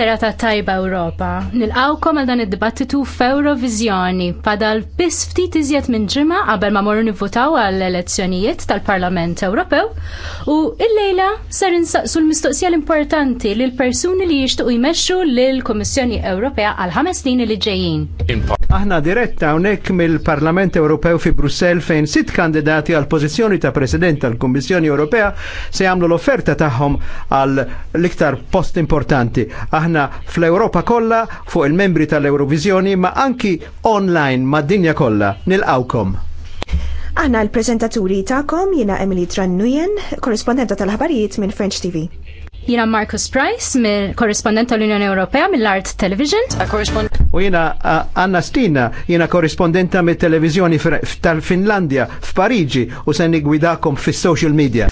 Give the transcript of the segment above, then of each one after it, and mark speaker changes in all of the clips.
Speaker 1: serata tajba Ewropa. Nilqawkom għal dan id-dibattitu f'Eurovizjoni padal biss ftit iżjed minn ġimma qabel ma morru nivvutaw għall elezzjonijiet tal-Parlament Ewropew u illejla ser insaqsu l-mistoqsija l-importanti l persuni li jixtuqu jmexxu lill kummissjoni Ewropea għal ħames snin li ġejjin.
Speaker 2: Aħna diretta hawnhekk mill-Parlament Ewropew fi Brussell fejn sitt kandidati għal pożizzjoni ta' President tal-Kummissjoni Ewropea se jagħmlu l-offerta tagħhom għal l-iktar post importanti. Aħna fl-Ewropa kollha fuq il-membri tal eurovizjoni ma anki online mad-dinja kollha nilqawkom.
Speaker 3: Aħna l-prezentaturi ta'kom jiena Emily Trannujen, korrispondenta tal-ħabarijiet minn French TV.
Speaker 1: Jina Marcus Price, korrespondent tal-Unjoni Ewropea mill-Art Television.
Speaker 2: U jina Anna Stina, jina korrespondenta mill televizjoni tal-Finlandja, f'Pariġi, u se gwidakom fis-social media.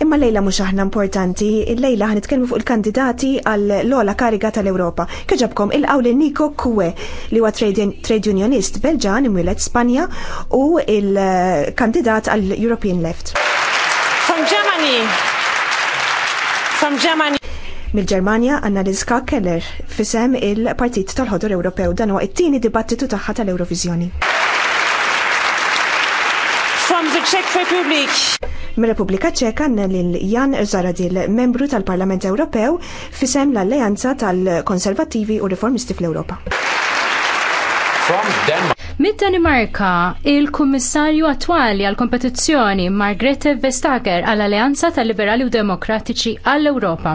Speaker 3: Imma lejla mhux aħna importanti, lejla ħan nitkellmu fuq il-kandidati għal l-ola kariga tal-Ewropa. Keġabkom il-qawl Niko Kwe li huwa trade unionist Belġan imwieled Spanja u il-kandidat għal European Left. From Germany, From Germany. għanna l-izka Keller fisem il-Partit tal-Ħodur Ewropew dan huwa it-tieni dibattitu tagħha tal-Euroviżjoni. From the Czech Republic. Mir-Repubblika Ċeka lil Jan Zaradil, membru tal-Parlament Ewropew,
Speaker 1: fisem l-Alleanza tal-Konservativi u Riformisti fl-Ewropa. From Denmark. Mid Danimarka, il-Kummissarju attwali għal kompetizzjoni Margrethe Vestager għall alleanza tal-Liberali u Demokratiċi għall-Ewropa.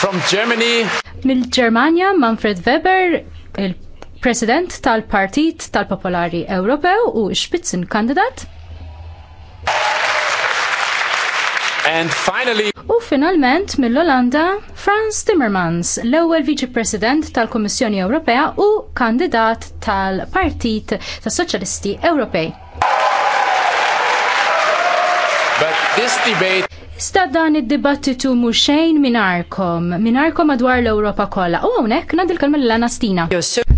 Speaker 2: From Germany.
Speaker 1: Mill-Germania, Manfred Weber, il-President tal-Partit tal-Popolari Ewropew u Spitzenkandidat. kandidat. And finally... U finalment mill-Olanda, Franz Timmermans, l-ewwel Viċi President tal-Kummissjoni Ewropea u kandidat tal-Partit tas-Soċjalisti Ewropej. But this debate Sta dan id-dibattitu mhux xejn minarkom, minarkom madwar l-Ewropa kollha. U hawnhekk ngħadil kelma lil Anastina.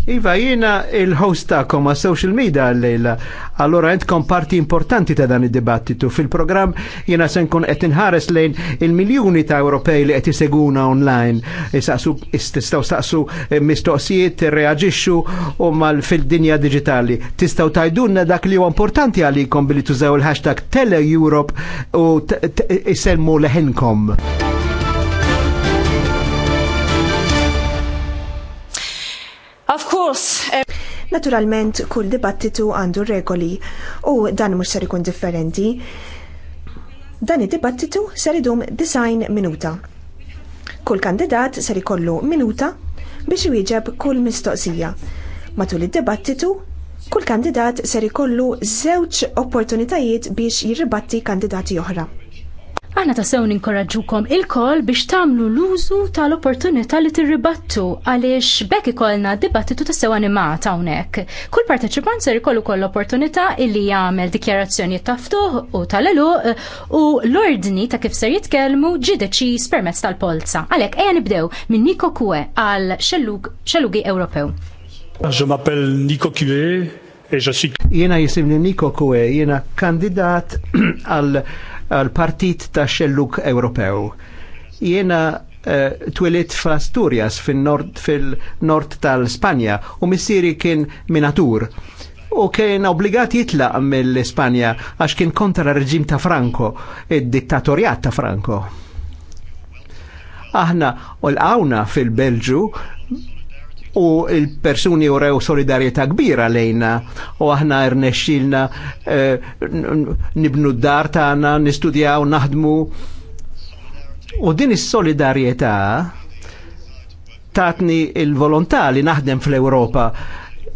Speaker 2: Iva, jiena il-host tagħkom għas social media llejla. Allora għandkom parti importanti ta' dan id-dibattitu. Fil-programm jiena se nkun qed inħares lejn il-miljuni ta' Ewropej li qed iseguna online. Isaqsu tistgħu staqsu eh, mistoqsijiet, reaġixxu u mal fil-dinja digitali. Tistgħu tajdunna dak li huwa importanti għalikom billi tużaw il-hashtag Tele Europe u semmu leħenkom.
Speaker 3: Of course. Eh, Naturalment, kull dibattitu għandu regoli u dan mux ser ikun differenti. Dan id-dibattitu ser idum design minuta. Kull kandidat ser ikollu minuta biex jwieġeb kull mistoqsija. Matul id-dibattitu Kull kandidat ser ikollu
Speaker 1: żewġ opportunitajiet biex jirribatti kandidati oħra. Aħna tassew ninkoraġġukom il-kol biex tagħmlu l-użu tal-opportunità li tirribattu għaliex bekk ikollna dibattitu tassew animat hawnhekk. Kull parteċipant ser ikollu koll opportunità illi jagħmel dikjarazzjoni ta' ftuħ u tal elu u l-ordni ta' kif ser jitkellmu ġi deċiż permezz tal-polza. Għalhekk ejja nibdew minn Niko Kue għal xellugi
Speaker 2: Ewropew. Je m'appelle Niko Kue, Jena jisimni Niko Kue, jena kandidat għal għal-Partit ta' Xelluk Ewropew. Jena uh, eh, twilit f'Asturias fil-nord fil tal-Spanja u missieri kien minatur u kien obbligat jitlaq mill-Ispanja għax kien kontra reġim ta' Franco, id-dittatorjat ta' Franco. Aħna u l-għawna fil-Belġu u il-persuni urew solidarieta kbira lejna u aħna irnexxilna eh, nibnu d-dar tagħna, nistudjaw, naħdmu. U din is-solidarjetà tatni il-volontà li naħdem fl-Ewropa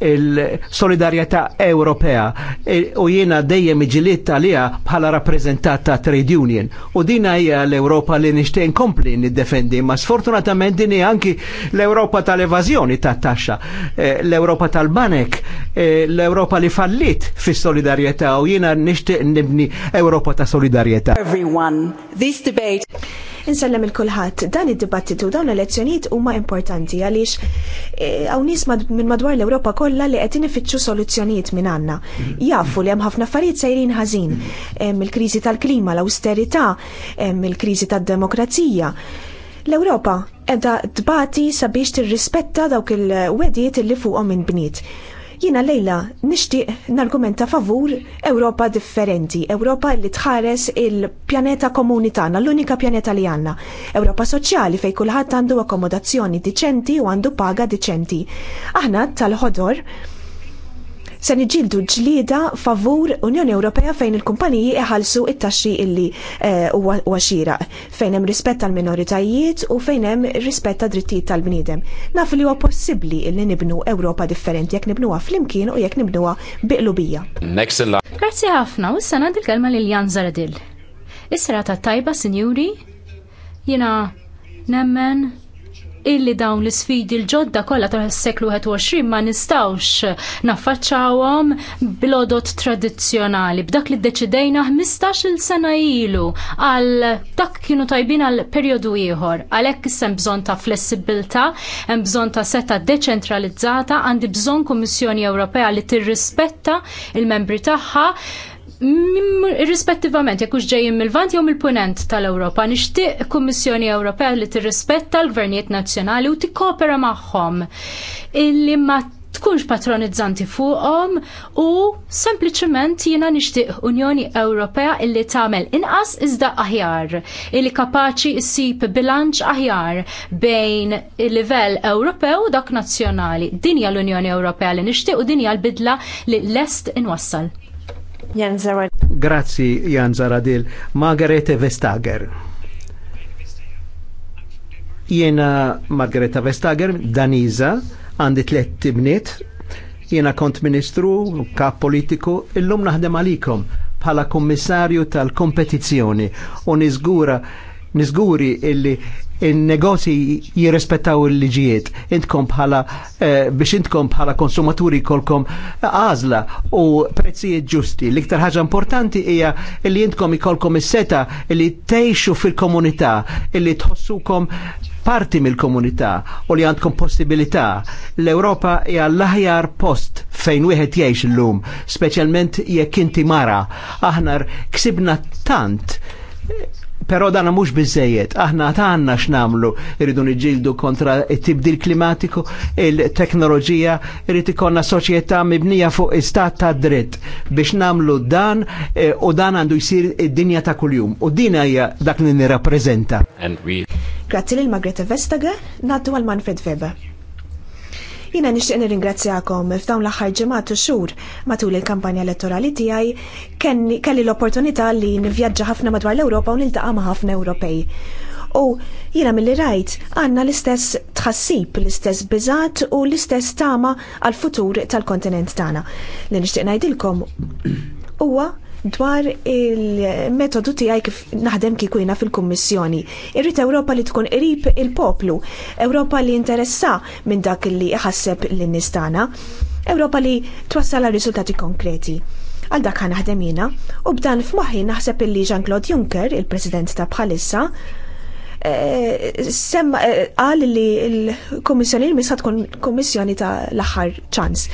Speaker 2: il-solidarjetà Ewropea e, u jiena dejjem iġiliet talija bħala rappreżentat ta' trade union. U dina hija l-Ewropa li nixtieq kompli niddefendi, ma sfortunatament din hija anki l-Ewropa tal-evażjoni tat-taxxa, e, l-Ewropa tal-banek, e, l-Ewropa li fallit fis-solidarjetà u jiena nixtieq nibni Ewropa ta' solidarjetà.
Speaker 1: Everyone, this debate
Speaker 3: Insellem il-kulħadd dan id-dibattitu dawn l-elezzjonijiet huma importanti għaliex eh, hawn nies minn madwar l-Ewropa kollha li qed inifittxu soluzzjonijiet minn għandna. Jafu li hemm ħafna affarijiet sejrin ħażin, il-kriżi tal-klima, l-awsterità, il-kriżi tad-demokrazija. L-Ewropa edha dbati sabiex tirrispetta dawk il-wedijiet li fuqhom minn bniet jina lejla nixtieq nargumenta favur Ewropa differenti, Ewropa li tħares il-pjaneta komuni tagħna, l-unika pjaneta li għandna. Ewropa soċjali fejn kulħadd għandu akkomodazzjoni diċenti u għandu paga diċenti. Aħna tal-ħodor se niġildu ġlieda favur Unjoni Ewropea fejn il-kumpaniji iħallsu it-taxxi illi eh, huwa xieraq, fejn hemm rispett tal-minoritajiet u fejn hemm rispett ta' drittijiet tal-bniedem. Naf li huwa possibbli
Speaker 1: illi nibnu Ewropa differenti jekk nibnuha flimkien u jekk nibnuha biqlubija. Grazzi ħafna, u s-sena dil-kelma lil Jan Zaradil. is serata tajba, sinjuri, jina nemmen illi dawn l-sfidi l-ġodda kollha tas-seklu 21 ma nistawx naffaċċawhom blodot tradizzjonali b'dak li ddeċidejna 15-il sena ilu għal dak kienu tajbin għal perjodu ieħor. Għalhekk issa hemm bżonn ta' flessibilità, hemm bżonn ta' seta' deċentralizzata, għandi bżonn Kummissjoni Ewropea li tirrispetta il-membri tagħha irrispettivament jekk hux ġejjin mill-vant jew mill-punent tal-Ewropa, nixtieq Kummissjoni Ewropea li tirrispetta l-gvernijiet nazzjonali u tikkopera magħhom illi ma tkunx patronizzanti fuqhom u sempliċement jiena nixtieq Unjoni Ewropea illi tagħmel inqas iżda aħjar, illi kapaċi ssib bilanċ aħjar bejn il-livell Ewropew u dak nazzjonali. Dinja l-Unjoni Ewropea li nixtieq u dinja l-bidla li lest inwassal.
Speaker 2: Jan Zaradil. Grazzi, Jan Zaradil. Margarete Vestager. Jena Margareta Vestager, Daniza, għandi tlet tibniet, jena kont ministru, kap politiku, illum naħdem għalikom bħala kommissarju tal-kompetizjoni u nizgura nizguri illi il-negozji jirrespettaw il-liġijiet. Intkom bħala eh, biex intkom bħala konsumaturi kolkom għazla u prezzijiet ġusti. L-iktar ħaġa importanti hija li intkom ikolkom is-seta li tgħixu fil-komunità, li tħossukom parti mill-komunità u li għandkom possibilità. L-Ewropa hija l-aħjar post fejn wieħed jgħix llum, speċjalment jekk inti mara. Aħna ksibna tant Pero dan mhux biżejjed, aħna għandna x'namlu, irridu niġġieldu kontra t-tibdil klimatiku, il-teknoloġija, irid ikollna soċjetà mibnija fuq istat ta' dritt biex namlu dan eh, u dan għandu jsir id-dinja ta' kuljum. U din hija dak li nirrappreżenta. We... Grazzi lil Margreta Vestager, naddu għal Manfred Weber.
Speaker 3: Jina nixtieq nirringrazzjakom f'dawn l-aħħar ġimgħat u xhur matul il-kampanja elettorali tiegħi kelli l-opportunità li nivvjaġġa ħafna madwar l-Ewropa u niltaqa' ma' ħafna Ewropej. U jina mill-li rajt għanna l-istess tħassib, l-istess bizat u l-istess tama għal-futur tal-kontinent tagħna. Li nixtieq ngħidilkom huwa dwar il-metodu tiegħi kif naħdem kikujna fil-Kummissjoni. Irrid Ewropa li tkun qrib il-poplu, Ewropa li interessa minn dak li iħasseb lin nistana Ewropa li twassal riżultati konkreti. Għal dak naħdem jiena u b'dan f'moħħi naħseb illi Jean-Claude Juncker, il-President ta' bħalissa, Eh, semma qal eh, li l-Komissjoni misa tkun Komissjoni ta' l-aħħar ċans.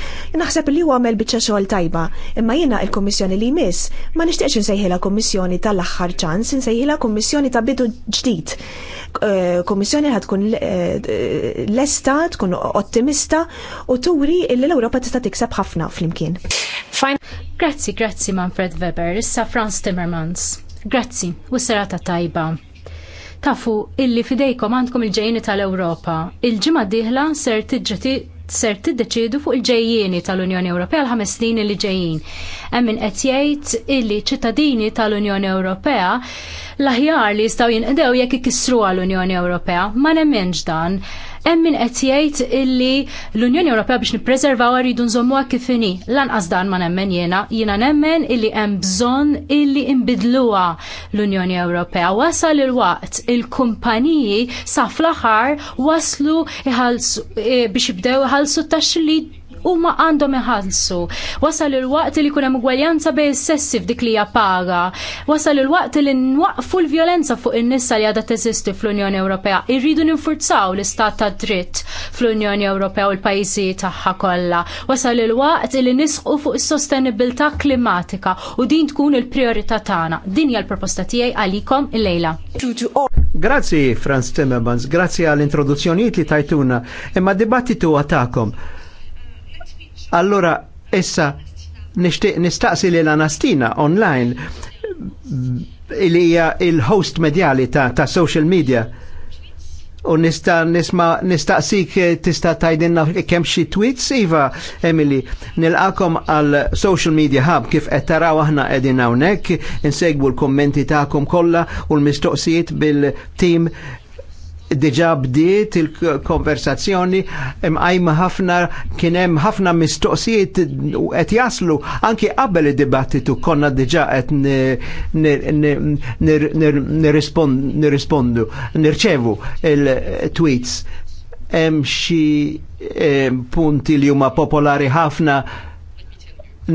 Speaker 3: Naħseb li huwa għamel biċċa xogħol tajba, imma jiena l-Komissjoni li jmiss ma nishtieċ nsejħila Komissjoni tal-aħħar ċans, nsejħila Komissjoni ta' bidu ġdid. Eh, Komissjoni ħad tkun lesta, tkun ottimista
Speaker 1: u turi illi l-Ewropa tista' tikseb ħafna flimkien. Grazzi, grazzi Manfred Weber, issa Franz Timmermans. Grazzi, u serata tajba tafu illi fidejkom għandkom il-ġejjini tal-Ewropa. Il-ġimgħa d-dieħla ser tiġġeti ser tiddeċidu fuq il-ġejjieni tal-Unjoni Ewropea l ħames snin li ġejjin. Hemm min qed jgħid illi ċittadini tal-Unjoni Ewropea l-aħjar li jistgħu jinqdew jekk ikissru għall-Unjoni Ewropea ma nemmenx dan hemm min qed jgħid illi l-Unjoni Ewropea biex nippreservaw rridu nżommuha kif inhi. Lanqas dan ma nemmen jiena, jiena nemmen illi hemm bżonn illi nbidluha l-Unjoni Ewropea. Wasal il-waqt il-kumpaniji sa fl-aħħar waslu eh, biex jibdew iħallsu tax li huma għandhom iħallsu. Wasal il-waqt li jkun hemm gwaljanza bej is-sessi f'dik li hija paga. Wasal il-waqt li nwaqfu l violenza fuq in-nisa li għadha teżisti fl-Unjoni Ewropea. Irridu ninfurzaw l-istat ta' dritt fl-Unjoni Ewropea u l-pajjiżi tagħha kollha. Wasal il-waqt li nisqu fuq is-sostenibilità klimatika u din tkun il-priorità tagħna. Din hija l-proposta tiegħi għalikom illejla.
Speaker 2: Grazzi Franz Timmermans, grazzi għall-introduzzjonijiet li tajtuna, imma dibattitu għatakom. Allora, issa nistaqsi li l-Anastina online li hija il-host medjali ta', ta social media u nista nisma nistaqsik tista tajdinna kemm xi tweets iva Emily nilqakom għal social media hub kif qed taraw aħna qegħdin hawnhekk insegwu l-kummenti tagħkom kollha u l-mistoqsijiet bil-tim diġa bdiet il-konversazzjoni imqajm ħafna kien hemm ħafna mistoqsijiet u qed jaslu anke qabel id-dibattitu konna diġa qed nirrispondu nirċevu il-tweets hemm xi eh, punti li huma popolari ħafna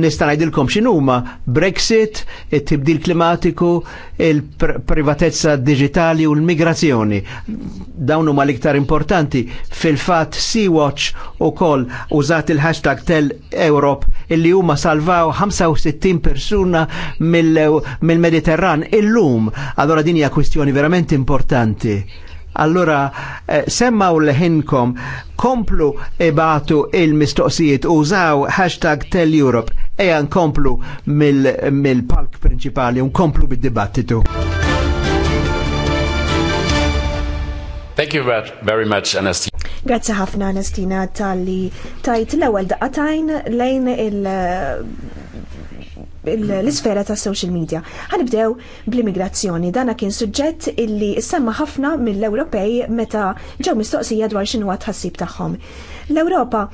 Speaker 2: nista' ngħidilkom x'inhuma Brexit, it-tibdil klimatiku, il-privatezza digitali u l-migrazzjoni. Dawn huma l-iktar importanti fil-fatt Sea-Watch ukoll użat il-hashtag tel Europe illi huma salvaw 65 persuna mill-Mediterran il illum. Allora din hija kwistjoni verament importanti. Allora, eh, semmaw ħinkom komplu batu il-mistoqsijiet, użaw hashtag Tell Europe eja nkomplu mill-palk mil principali, nkomplu bid-dibattitu. Thank you very much, Anastina.
Speaker 3: Grazzi ħafna, Anastina, tal-li tajt l-ewel daqatajn lejn l-isfera ta' social media. Ħanibdew bl-immigrazzjoni. Dana kien suġġett illi semma ħafna mill-Ewropej meta ġew mistoqsija dwar xinwa tħassib tagħhom. L-Ewropa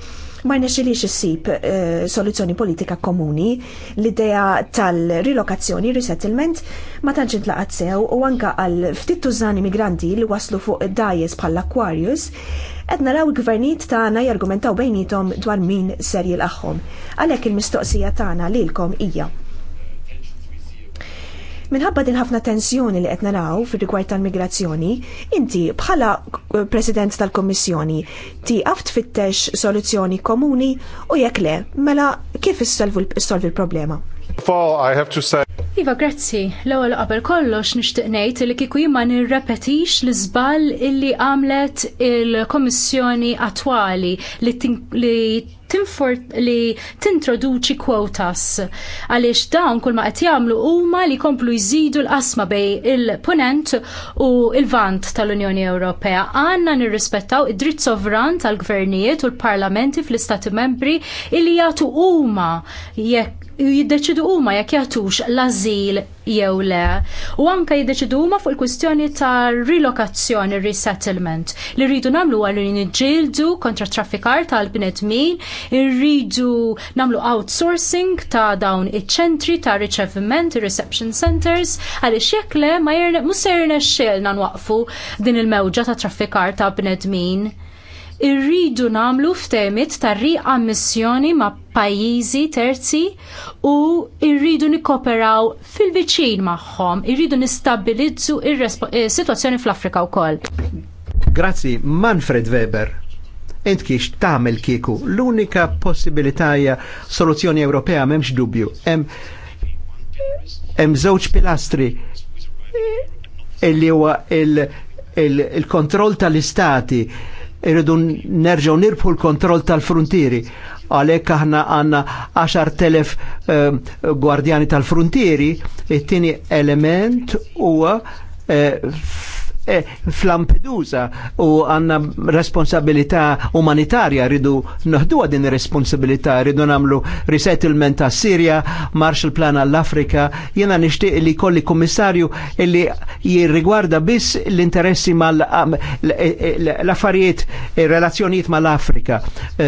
Speaker 3: ma nexilix issib uh, eh, soluzzjoni politika komuni, l-idea tal-rilokazzjoni, resettlement, ma tantx intlaqat sew u anka għal ftit tużani migranti li waslu fuq dajes bħal Aquarius, qed naraw il-gvernijiet tagħna jargumentaw bejnietom dwar min l-axħom. Għalhekk il-mistoqsija tagħna lilkom hija Minħabba din ħafna tensjoni li qed naraw fir-rigward tal-migrazzjoni, inti bħala eh, President tal-Kommissjoni tieqaf tfittex
Speaker 1: soluzzjoni komuni u jekk le, mela kif issolvi l-problema? I have to say. Iva, grazzi. L-ewwel qabel kollox nixtieq ngħid li kieku jien ma nirrepetix l-iżball illi għamlet il komissjoni attwali li li tintroduċi quotas għaliex dawn kull ma qed jagħmlu huma li jkomplu jżidu l-qasma bej il-punent u l-vant tal-Unjoni Ewropea. Għandna nirrispettaw id-dritt sovran tal-gvernijiet u l-parlamenti fl-istati membri illi jagħtu huma jekk jiddeċidu huma jekk jagħtux l-ażil jew le. U anke jiddeċidu huma fuq il-kwistjoni ta' relokazzjoni resettlement. Li rridu nagħmlu għal niġġieldu kontra traffikar tal-bnedmin, irridu nagħmlu outsourcing ta' dawn iċ-ċentri ta' riċeviment, reception centers, għaliex jekk le ma mhux se jirnexxielna nwaqfu din il-mewġa ta' traffikar ta' bnedmin irridu namlu f'temit ta' riammissjoni ma' pajjiżi terzi u irridu nikoperaw fil-viċin magħhom, irridu nistabilizzu ir-sitwazzjoni eh, fl-Afrika
Speaker 2: wkoll. Grazzi, Manfred Weber. Ent kiex tagħmel kieku, l-unika possibilità soluzzjoni Ewropea m'hemmx dubju. Hemm żewġ pilastri illi huwa il-kontroll il, il, kontroll tal istati irridu nerġaw nirbħu l-kontroll tal-frontieri. Għalhekk aħna għandna 10,000 ehm, gwardjani tal-frontieri, it-tieni element huwa eh, E, flampedusa u għanna responsabilità umanitarja rridu noħdu din responsabilità rridu namlu resettlement ta' Sirja, Marshall Plan għall-Afrika, jena nishtiq li kolli kommissarju li jirrigwarda biss l-interessi mal l-affarijiet, e, relazzjoniet mal-Afrika. E,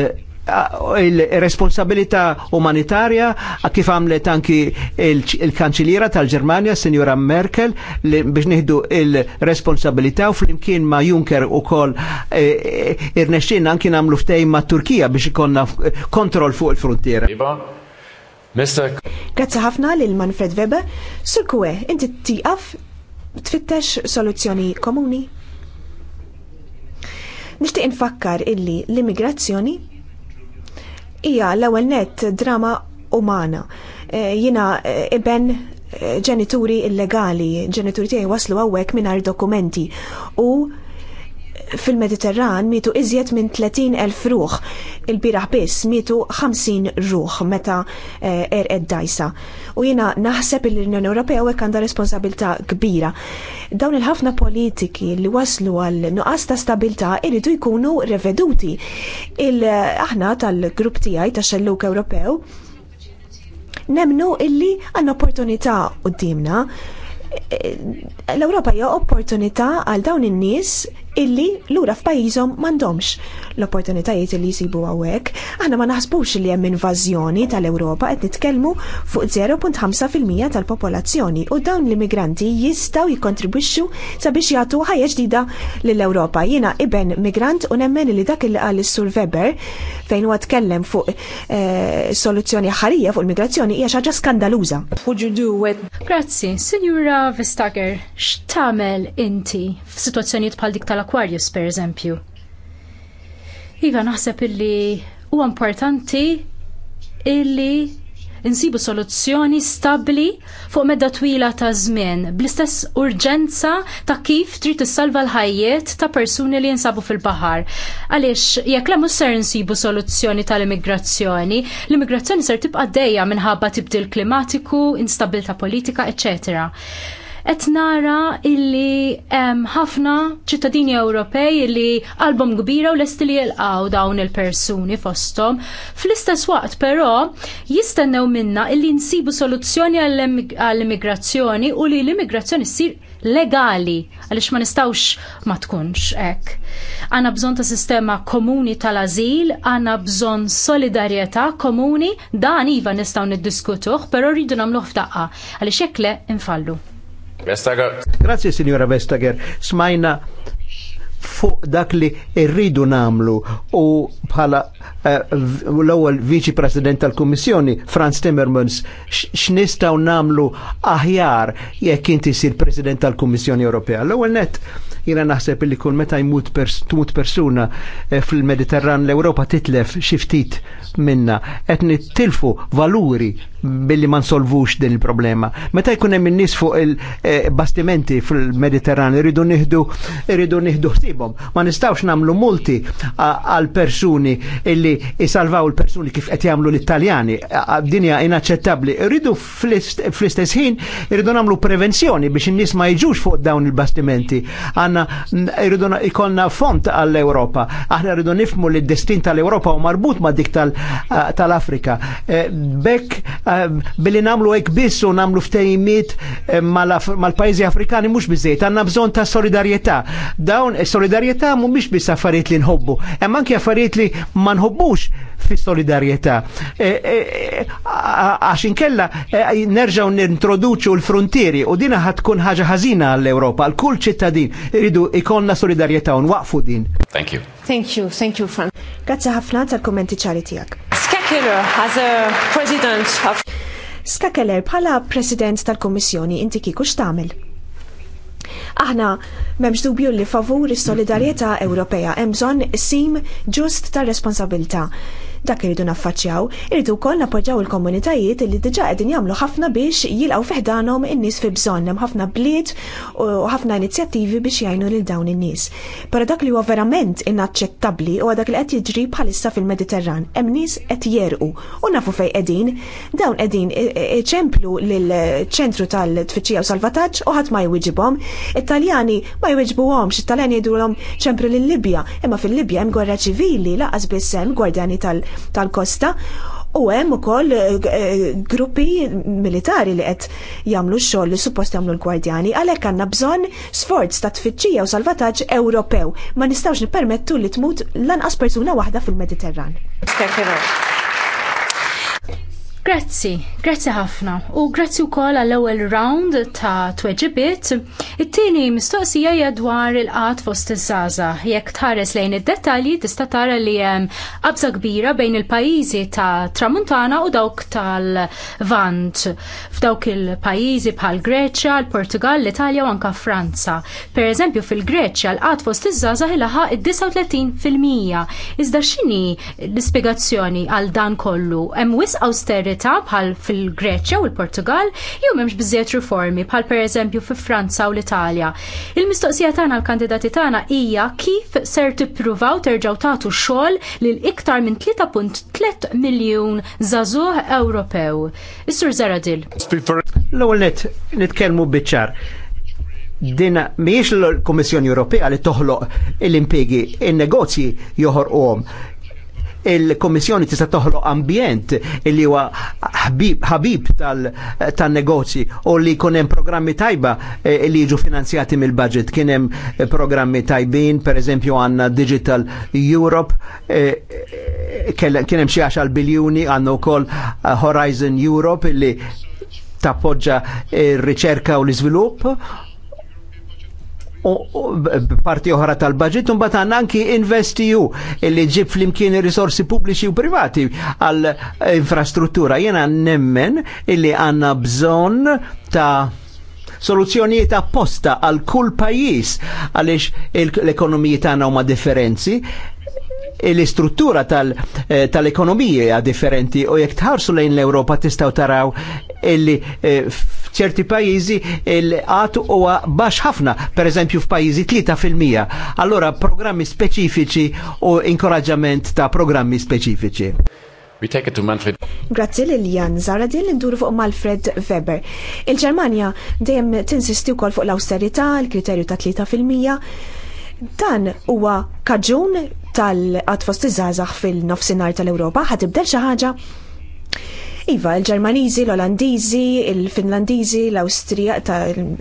Speaker 2: il-responsabilità umanitarja kif għamlet anki il-kanċiliera tal-Germania, Signora Merkel, biex nieħdu il-responsabilità u flimkien ma' Juncker u kol eh, eh, irnexxin anki namlu ftejn ma' Turkija biex ikonna kontroll fuq il-frontiera. Iva, Grazzi ħafna lil
Speaker 3: Manfred Weber. Sur kwe, inti tiqaf tfittex soluzzjoni komuni? Nixtieq infakkar illi l-immigrazzjoni hija l-ewwel nett drama umana. Eh, jina eh, iben eh, ġenituri illegali, ġenituri tiegħi waslu hawnhekk mingħajr dokumenti u fil-Mediterran mitu iżjed minn 30.000 ruħ, il-biraħ biss mitu 50 ruħ meta eh, er dajsa. U jina naħseb il unjoni Ewropea hekk għandha responsabilità kbira. Dawn il-ħafna politiki li waslu għal nuqas ta' stabilità iridu jkunu reveduti. Il-aħna tal-grupp tiegħi tax-xelluk Ewropew nemnu illi għandna opportunità d-dimna eh, l-Ewropa hija opportunità għal dawn in-nies illi lura f'pajjiżhom m'għandhomx l-opportunitajiet li jsibu hawnhekk. Aħna ma naħsbux li hemm invażjoni tal-Ewropa qed nitkellmu fuq 0.5% tal-popolazzjoni u dawn l-immigranti jistgħu jikkontribwixxu sabiex jagħtu ħajja ġdida lill-Ewropa. Jiena iben migrant u nemmen li dak li qal is-Sur Weber fejn huwa tkellem fuq eh, soluzzjoni ħarija fuq il-migrazzjoni hija xi ħaġa skandaluża.
Speaker 1: Grazzi, Sinjura Vestager, x'tagħmel inti f'sitwazzjonijiet bħal dik tal tal-Aquarius per eżempju. Iva naħseb illi huwa importanti illi insibu soluzzjoni stabbli fuq medda twila ta' żmien bl-istess urġenza ta' kif trid tissalva l-ħajjiet ta' persuni li jinsabu fil-baħar. Għaliex jekk hemm ser insibu soluzzjoni tal-immigrazzjoni, l-immigrazzjoni ser tibqa' dejja minħabba tibdil klimatiku, instabilta politika, eċċetera qed nara illi hemm ħafna ċittadini Ewropej illi qalbhom kbira u lesti li jilqgħu dawn il-persuni fosthom. Fl-istess waqt però jistennew minna illi nsibu soluzzjoni għall-immigrazzjoni u li l-immigrazzjoni ssir legali għaliex ma nistawx ma tkunx hekk. Għandna bżonn ta' sistema komuni tal-azil, għandna bżonn solidarjetà komuni, dan iva nistgħu niddiskutuh, però rridu nagħmluh f'daqqa għaliex hekk le infallu.
Speaker 2: Vestager. Grazie, signora Vestager. Smajna fuq dak li irridu namlu u bħala uh, l-ewwel viċi president tal-Kummissjoni Franz Timmermans x'nistgħu namlu aħjar jekk inti sir president tal-Kummissjoni Ewropea. L-ewwel net jiena naħseb li kull meta jmut pers tmut persuna eh, fil-Mediterran l-Ewropa titlef xi ftit minna qed nittilfu valuri billi ma nsolvux din il-problema. Meta jkun hemm in-nies fuq il-bastimenti eh, fil-Mediterran iridu nieħdu iridu nieħdu ħsiebhom. Ma nistgħux nagħmlu multi għal persuni illi isalvaw il-persuni kif qed jagħmlu l-Italjani. Din hija inaċċettabbli. Iridu fl-istess ħin iridu nagħmlu prevenzjoni biex in-nies ma jiġux fuq dawn il-bastimenti. Għandna iridu ikollna font għall-Ewropa. Aħna rridu nifmu li d-destin tal-Ewropa u marbut ma dik tal-Afrika. Eh, bekk Ehm, billi namlu hekk biss u namlu ftejmiet ehm, mal-pajjiżi Afrikani mhux bizzejt, għandna bżonn ta' solidarjetà. Dawn eh, solidarjetà mhumiex biss affarijiet li nħobbu, hemm anke affarijiet li ma nħobbux fis-solidarjetà. E, e, e, għax inkella nerġgħu nintroduċu l-frontieri u dina ħatkun ħaġa ħażina għall-Ewropa, għall kull ċittadin iridu ikollna solidarjetà u nwaqfu din. Thank you.
Speaker 3: Thank you, thank you, Fran. Grazzi ħafna tal-kommenti ċari Keller as a president of Ska Keller bħala president tal kummissjoni inti kieku x'tagħmel? Aħna m'hemmx dubju li favur is-solidarjetà Ewropea hemm bżonn sim ġust tar-responsabilità dak irridu naffaċċjaw, irridu wkoll nappoġġjaw il-komunitajiet li diġà qegħdin jagħmlu ħafna biex jilqgħu fiħdanhom in-nies fi bżonn hemm ħafna bliet u ħafna inizjattivi biex jgħinu lil dawn in-nies. Però dak li huwa verament inaċċettabbli huwa dak li qed jiġri bħalissa fil-Mediterran. Hemm nies qed jerqu u nafu fejn qegħdin, dawn qegħdin iċemplu lill ċentru tal-tfittxija u salvataġġ u ħadd ma jwiġibhom. It-Taljani ma jwiġbuhomx, it-Taljani jgħidulhom ċempru lil Libja, imma fil-Libja hemm gwerra ċivili laqas biss hemm gwardjani tal- tal-kosta u hemm ukoll eh, eh, gruppi militari li qed jagħmlu x-xogħol li suppost jagħmlu l-gwardjani għalhekk għandna bżonn sforz ta' tfittxija u salvataġġ Ewropew. Ma nistgħux nippermettu li tmut lanqas persuna waħda fil-Mediterran.
Speaker 1: Grazzi, grazzi ħafna u grazzi wkoll għall ewwel round ta' tweġibiet. It-tieni mistoqsija hija dwar il-qat fost iż-żaża. Jekk tħares lejn id-dettalji tista' tara li hemm qabża kbira bejn il-pajjiżi ta' Tramuntana u dawk tal-Vant. F'dawk il-pajjiżi bħal Greċja, l-Portugal, l-Italja u anke Franza. Pereżempju fil-Greċja l-qat fost iż-żaża ħilaħa id-39 fil-mija. Iżda x'inhi l-ispjegazzjoni għal dan kollu? Hemm wisq austerity verità bħal fil-Greċja u l-Portugal jew m'hemmx biżżejjed riformi bħal pereżempju fi Franza u l-Italja. Il-mistoqsija tagħna l-kandidati tagħna hija kif ser tippruvaw terġgħu tagħtu xogħol lil iktar minn 3.3 miljun żagħżugħ Ewropew. Is-Sur Zaradil.
Speaker 2: L-ewwel nett nitkellmu biċċar. Din mhijiex miex l-Komissjoni Ewropea li toħloq l impjiegi in negozji joħorquhom il-Komissjoni tista' toħlo ambjent li huwa ħabib tan-negozji u li jkun hemm programmi tajba eh, li jiġu finanzjati mill-budget. Kien hemm eh, programmi tajbin, pereżempju għandna Digital Europe, eh, kien hemm xi 10 biljuni għandna wkoll Horizon Europe li tappoġġa ir-riċerka u l-iżvilupp parti oħra tal-budget, un bat għanna anki investiju illi ġib flimkien risorsi pubbliċi u privati għal infrastruttura. Jena nemmen illi għanna bżon ta' soluzzjonijiet apposta għal kull pajjiż għaliex l-ekonomiji tagħna ma differenzi, l-istruttura tal-ekonomija tal eh, differenti u jekk tħarsu lejn l europa tistaw taraw illi eh, f'ċerti pajjiżi l-qat huwa baxx ħafna, per eżempju fil 3%. Allora programmi speċifiċi u inkoraġġament ta' programmi speċifiċi. We take it to Manfred.
Speaker 3: Grazzi Lilian, Zara din l-indur fuq Manfred Weber. Il-Ġermanja dejjem tinsisti wkoll fuq l-austerità, il-kriterju ta' 3%. Dan huwa kaġun tal-atfos iż-żgħażagħ fil-nofsinhar tal-Ewropa ħatibdel xi ħaġa Iva, il-Ġermaniżi, l-Olandiżi, il-Finlandiżi,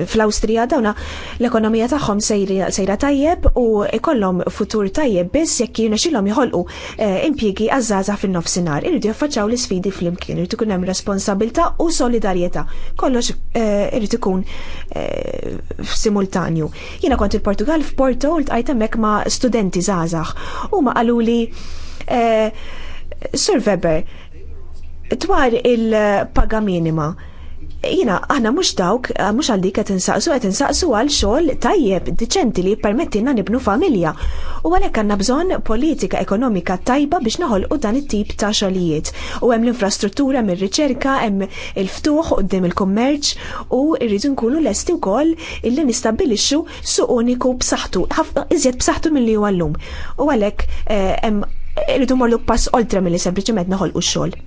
Speaker 3: fl-Awstrija dawna l-ekonomija tagħhom sejra tajjeb u ikollhom futur tajjeb biss jekk xilhom jħolqu eh, impjiegi għażaża fin-nofsinhar. Irridu jaffaċċaw l-isfidi flimkien, irid ikun hemm responsabilità u solidarjetà. Kollox eh, irid ikun eh, simultanju. Jiena kont il-Portugal f'Porto u l hemmhekk ma' studenti żgħażagħ u ma qaluli Sir Weber, Dwar il-paga minima, jina, aħna mux dawk, mux għal dik għet insaqsu, għet insaqsu għal xol tajjeb, diċenti li permettina nibnu familja. U għalek għanna bżon politika ekonomika tajba biex naħol u dan it-tip ta' xolijiet. U hemm l-infrastruttura, hemm riċerka hemm il-ftuħ u d il-kommerċ u rridu nkunu lesti u koll illi nistabilixxu su uniku b'saħħtu, iżjed b'saħħtu mill-li għallum. U għalek eh, hemm irridu morlu pass oltre mill-li sempliciment naħol u xol.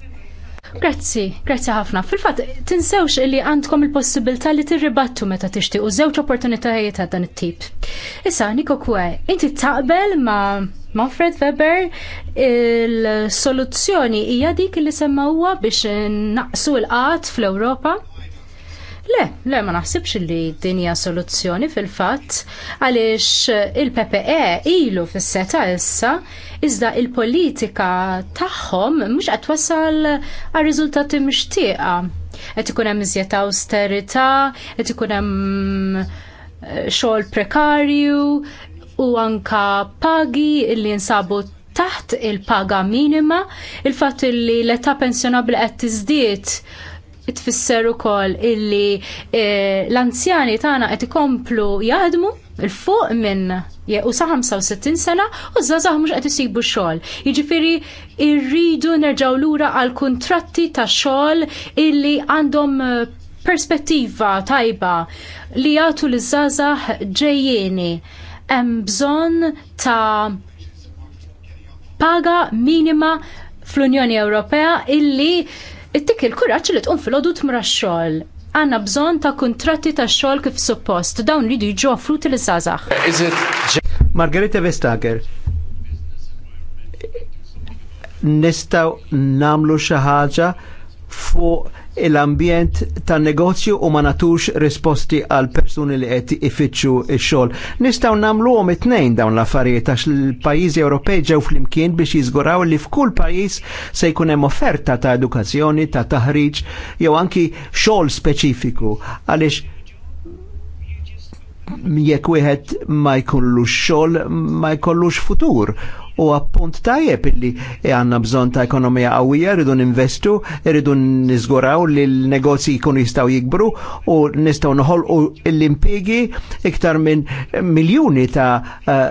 Speaker 1: Grazzi, grazzi ħafna. Fil-fatt, tinsewx li għandkom il-possibilità li tirribattu meta u żewġ opportunitajiet ta' dan it-tip. Issa, Niko Kwe, inti taqbel ma' Manfred Weber il-soluzzjoni hija dik li semma huwa biex naqsu l-qat fl-Ewropa? Le, le, ma naħsibx li dinja soluzzjoni fil-fatt għaliex il-PPE ilu fis-seta issa iżda il-politika tagħhom mhux qed wasal għal riżultati mixtieqa. Qed ikun hemm iżjed austerita, qed ikun hemm eh, xogħol prekarju u anka pagi li jinsabu taħt il-paga minima, il-fatt li l-età pensjonabbli qed tiżdied tfisser ukoll illi eh, l-anzjani tagħna qed ikomplu jaħdmu il-fuq minn u sa 65 sena u żgħażagħ mhux qed jisibu xogħol. Jiġifieri rridu nerġaw lura għal kuntratti ta' xogħol illi għandhom eh, perspettiva tajba li jagħtu li żgħażagħ ġejjeni. Hemm bżonn ta' paga minima fl-Unjoni Ewropea illi ittik il kuraċ li tqum filgħodu tmra x-xogħol. Għandna ta' kuntratti ta' xogħol kif suppost, dawn li jiġu offruti li
Speaker 2: żgħażagħ. Margarita Vestager, nistaw namlu xi ħaġa fuq l-ambjent tan negozju u ma natux risposti għal persuni li qed ifittxu x-xogħol. Nistgħu nagħmluhom it-tnejn dawn l-affarijiet għax il-pajjiżi Ewropej ġew flimkien biex jiżguraw li f'kull pajjiż se jkun hemm offerta ta' edukazzjoni, ta' taħriġ jew anki xogħol speċifiku għaliex jekk wieħed ma jkollux xogħol ma jkollux futur u appunt tajjeb illi għanna bżon ta' ekonomija għawija, rridu n-investu, rridu nizguraw li l-negozji jkunu jistaw jikbru u nistaw u l-impigi iktar minn miljuni ta' eh,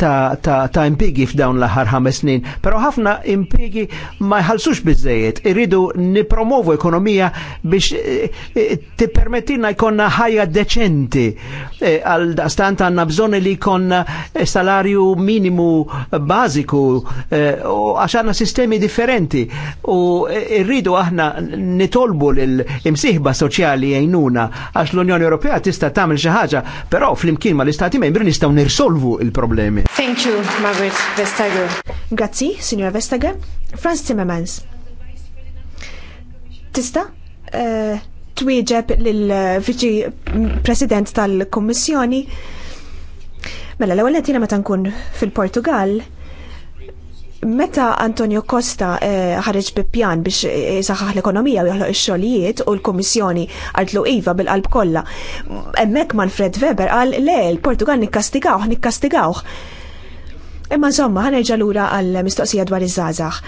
Speaker 2: ta', ta, ta impigi f'dawn l-aħħar ħames snin, Pero ħafna impigi ma jħalsux biżejjed, irridu nipromovu ekonomija biex eh, eh, tippermettina jkonna ħajja deċenti. Għal e, stant għandna bżonn li jkollna salarju minimu ba bażiku eh, u għax għandna sistemi differenti u eh, rridu aħna nitolbu l-imsieħba soċjali jajnuna għax l-Unjoni Ewropea tista' tagħmel xi ħaġa, però flimkien mal-Istati Membri nistgħu nirsolvu il-problemi.
Speaker 3: Thank you, Margaret Vestager. Grazzi, Signora Vestager. Franz Timmermans. Tista? Eh, twieġeb lill-Viċi President tal-Kommissjoni. Mela, l-ewwel nettina meta nkun fil-Portugal, Meta Antonio Costa eh, ħareġ bi pjan biex jisaxħaħ eh, l-ekonomija u joħloq ix-xogħlijiet u l-Kummissjoni għartlu iva bil-qalb kollha. Hemmhekk Manfred Weber qal le l-Portugal nikkastigawh, nikkastigawh. Imma insomma ħanerġa' lura għall mistoqsija dwar iż-żgħażagħ.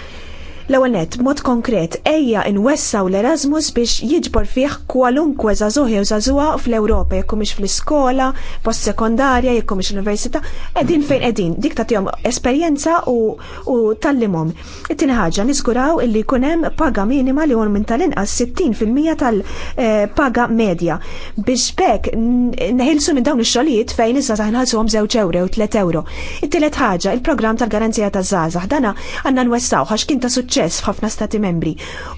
Speaker 3: L-ewwel nett, mod konkret, ejja nwessaw l-Erasmus biex jiġbor fih kwalunkwe żagħżugħ jew żagħżugħa fl-Ewropa, jekk mhux fl-iskola, post-sekondarja, jekk mhux l-università, qegħdin fejn qegħdin, dik tagħtihom esperjenza u, u tallimhom. It-tieni ħaġa niżguraw illi jkun hemm paga minima li huma minn tal-inqas 60% tal-paga eh, medja. Biex bekk neħilsu minn dawn ix-xogħlijiet fejn issa taħnħalsuhom 2 euro u 3 euro. It-tielet ħaġa, il-programm tal-garanzija taż-żgħażagħ dana għandna nwessaw għax kien ta' suċċess suċċess f'ħafna stati membri.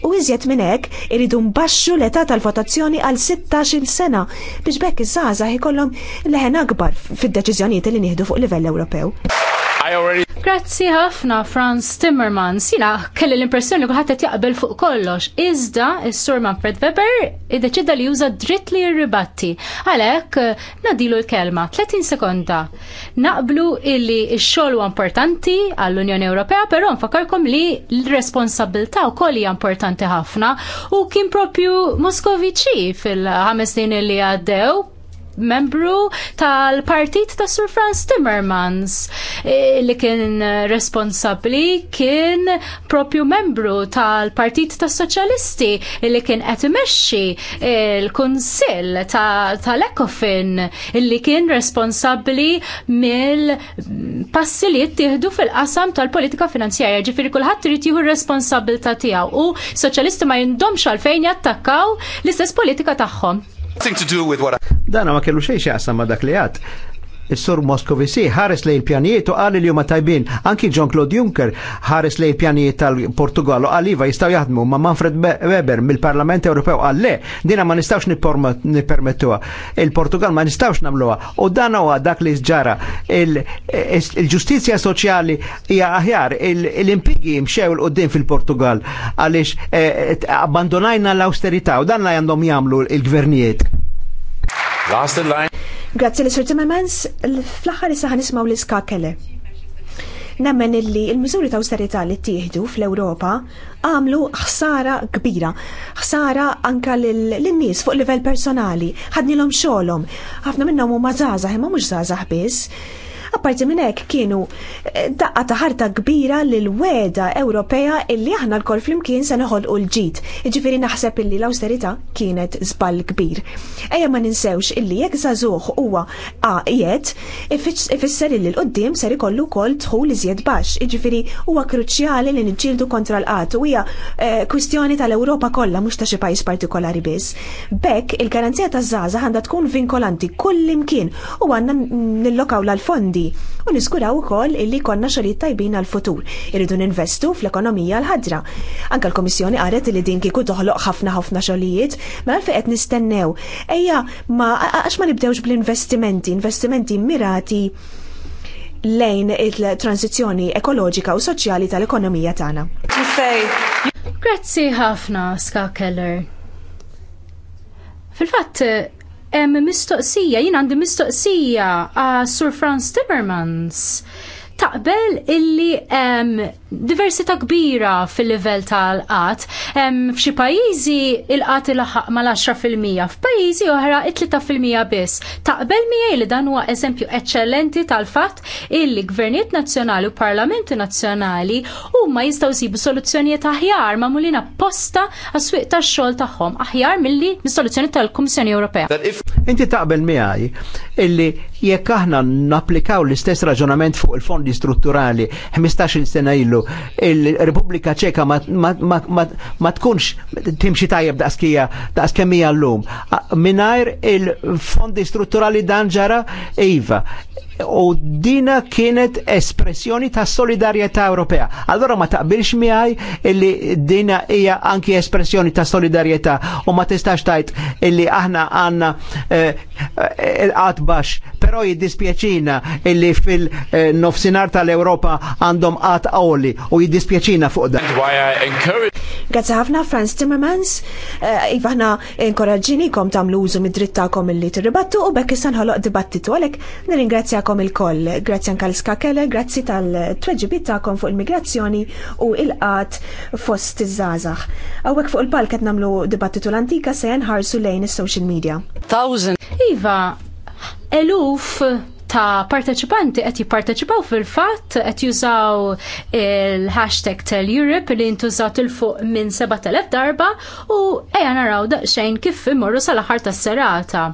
Speaker 3: U iżjed minn hekk iridu mbaxxu l-età tal-votazzjoni għal 16-il sena biex bekk iż-żgħażagħ ikollhom leħen akbar fid-deċiżjonijiet li nieħdu fuq livell Ewropew.
Speaker 1: Grazzi ħafna Franz Timmermans, Sina kelli l-impressjoni kulħadd qed jaqbel fuq kollox. Iżda is-Sur Manfred Weber iddeċida li juża dritt li jirribatti. Għalhekk nadilu l-kelma 30 sekonda. Naqblu illi x-xogħol huwa importanti għall-Unjoni Ewropea, però nfakarkom li l res responsabilta u koll hija importanti ħafna u kien propju Moskoviċi fil-ħames snin li għaddew membru tal-partit ta' Sir Franz Timmermans eh, li kien responsabbli kien propju membru tal-partit tas soċjalisti eh, li kien qed imexxi eh, l-kunsill tal-Ecofin ta li kien responsabbli mill-passi li jittieħdu fil-qasam tal-politika finanzjarja ġifieri kulħadd irid jieħu r-responsabilità tiegħu u soċjalisti ma jindomx għalfejn jattakkaw l-istess politika tagħhom.
Speaker 2: Dan ma kellu xejn xaqsam ma dak li għad il-sur Moscovici, ħares lej il-pjanijiet u għal il-jumma tajbin. Anki John Claude Juncker ħares lej il-pjanijiet tal-Portugallu għal-Iva jistaw jaħdmu ma Manfred Weber mill-Parlament Ewropew le, dina ma nistawx nipermettuha. Il-Portugal ma nistawx namluwa u dan huwa dak li sġara il-ġustizja soċjali hija aħjar l-impigi mxew l qoddim fil-Portugal għaliex eh, abbandonajna l-austerità u dan la jandom jamlu il-gvernijiet. Last in line.
Speaker 3: Grazzi li Sir Timmermans, fl-aħħar issa ħanismaw l-iska kelle. Nemmen illi il-miżuri ta' austerità li tieħdu fl-Ewropa għamlu ħsara kbira, ħsara anka lin-nies fuq livell personali, ħadnilhom xogħolhom, ħafna minnhom huma żgħażagħ, imma mhux żgħażagħ biss Apparti minn hekk kienu eh, daqqa ta' ħarta kbira lil weda Ewropea illi aħna l-kol flimkien se u l-ġid. Jiġifieri naħseb illi l-awsterità kienet żball kbir. Ejja ma ninsewx illi jekk żagħżugħ huwa qiegħed ifisser illi l-qudiem ser ikollu wkoll dħul iżjed baxx. Jiġifieri huwa kruċjali li niġġieldu kontra l-qatt u hija eh, kwistjoni tal-Ewropa kollha mhux ta' xi pajjiż partikolari biss. Bekk il-garanzija taż-żgħażagħ għandha tkun vinkolanti kull imkien u għandna nillokaw l-fondi u niskuraw ukoll illi konna xogħlijiet tajbin għal futur Irridu ninvestu fl-ekonomija l-ħadra. Anka l-Komissjoni qalet li din kieku toħloq ħafna ħafna xogħlijiet, mela għalfejn qed nistennew. Ejja, ma għax ma nibdewx bl-investimenti, investimenti mirati lejn il-transizjoni ekoloġika u soċjali tal-ekonomija tagħna.
Speaker 1: Grazzi ħafna, Ska Keller. Fil-fatt, Hemm mistoqsija, jina għandi mistoqsija uh ah, Sir Franz Timmermans taqbel illi um, diversità kbira fil-livell tal-qat. Um, f'xi pajjiżi il-qat il-ħaq mal-10%, f'pajjiżi oħra it-3% biss. Taqbel miegħi li dan huwa eżempju eċċellenti tal-fatt illi gvernijiet nazzjonali u parlamenti nazzjonali huma jistgħu jsibu soluzzjonijiet aħjar ma' mulina posta għas-swieq tax-xogħol tagħhom aħjar milli mis-soluzzjoni tal-Kummissjoni Ewropea.
Speaker 2: Inti taqbel miegħi illi jekk aħna napplikaw l-istess raġunament fuq il-fond fondi strutturali 15 sena illu il republika Ċeka ma tkunx timxi tajjeb daqskija daqskemija l-lum minajr il-fondi strutturali danġara Iva u dina kienet espressjoni ta' solidarieta Ewropea. Allora ma taqbilx miħaj illi dina hija anki espressjoni ta' solidarieta u ma tistax tajt illi aħna għanna għatbax eh, eh, Però jiddispjaċina illi fil-nofsinar tal-Europa għandhom għat għoli u jiddispjaċina fuq da. Grazie ħafna Franz Timmermans, eh, Ivana inkoraġġinikom tamlu
Speaker 3: użu mid-drittakom illi tirribattu u bekk issa ħoloq dibattitu għalek nirringrazzjakom il-koll. Grazzi anka l-skakele, grazzi tal-tweġibit kom fuq il-migrazzjoni u il-qat fost iż-żazax. Għawek fuq il-palket namlu dibattitu l-antika se jenħarsu lejn is-social media.
Speaker 1: Thousand. Iva, eluf ta' parteċipanti qed jipparteċipaw fil-fatt qed jużaw il-hashtag Tell Europe li ntużat il fuq minn 7000 darba u eja naraw daqsxejn kif imorru sal-aħħar tas-serata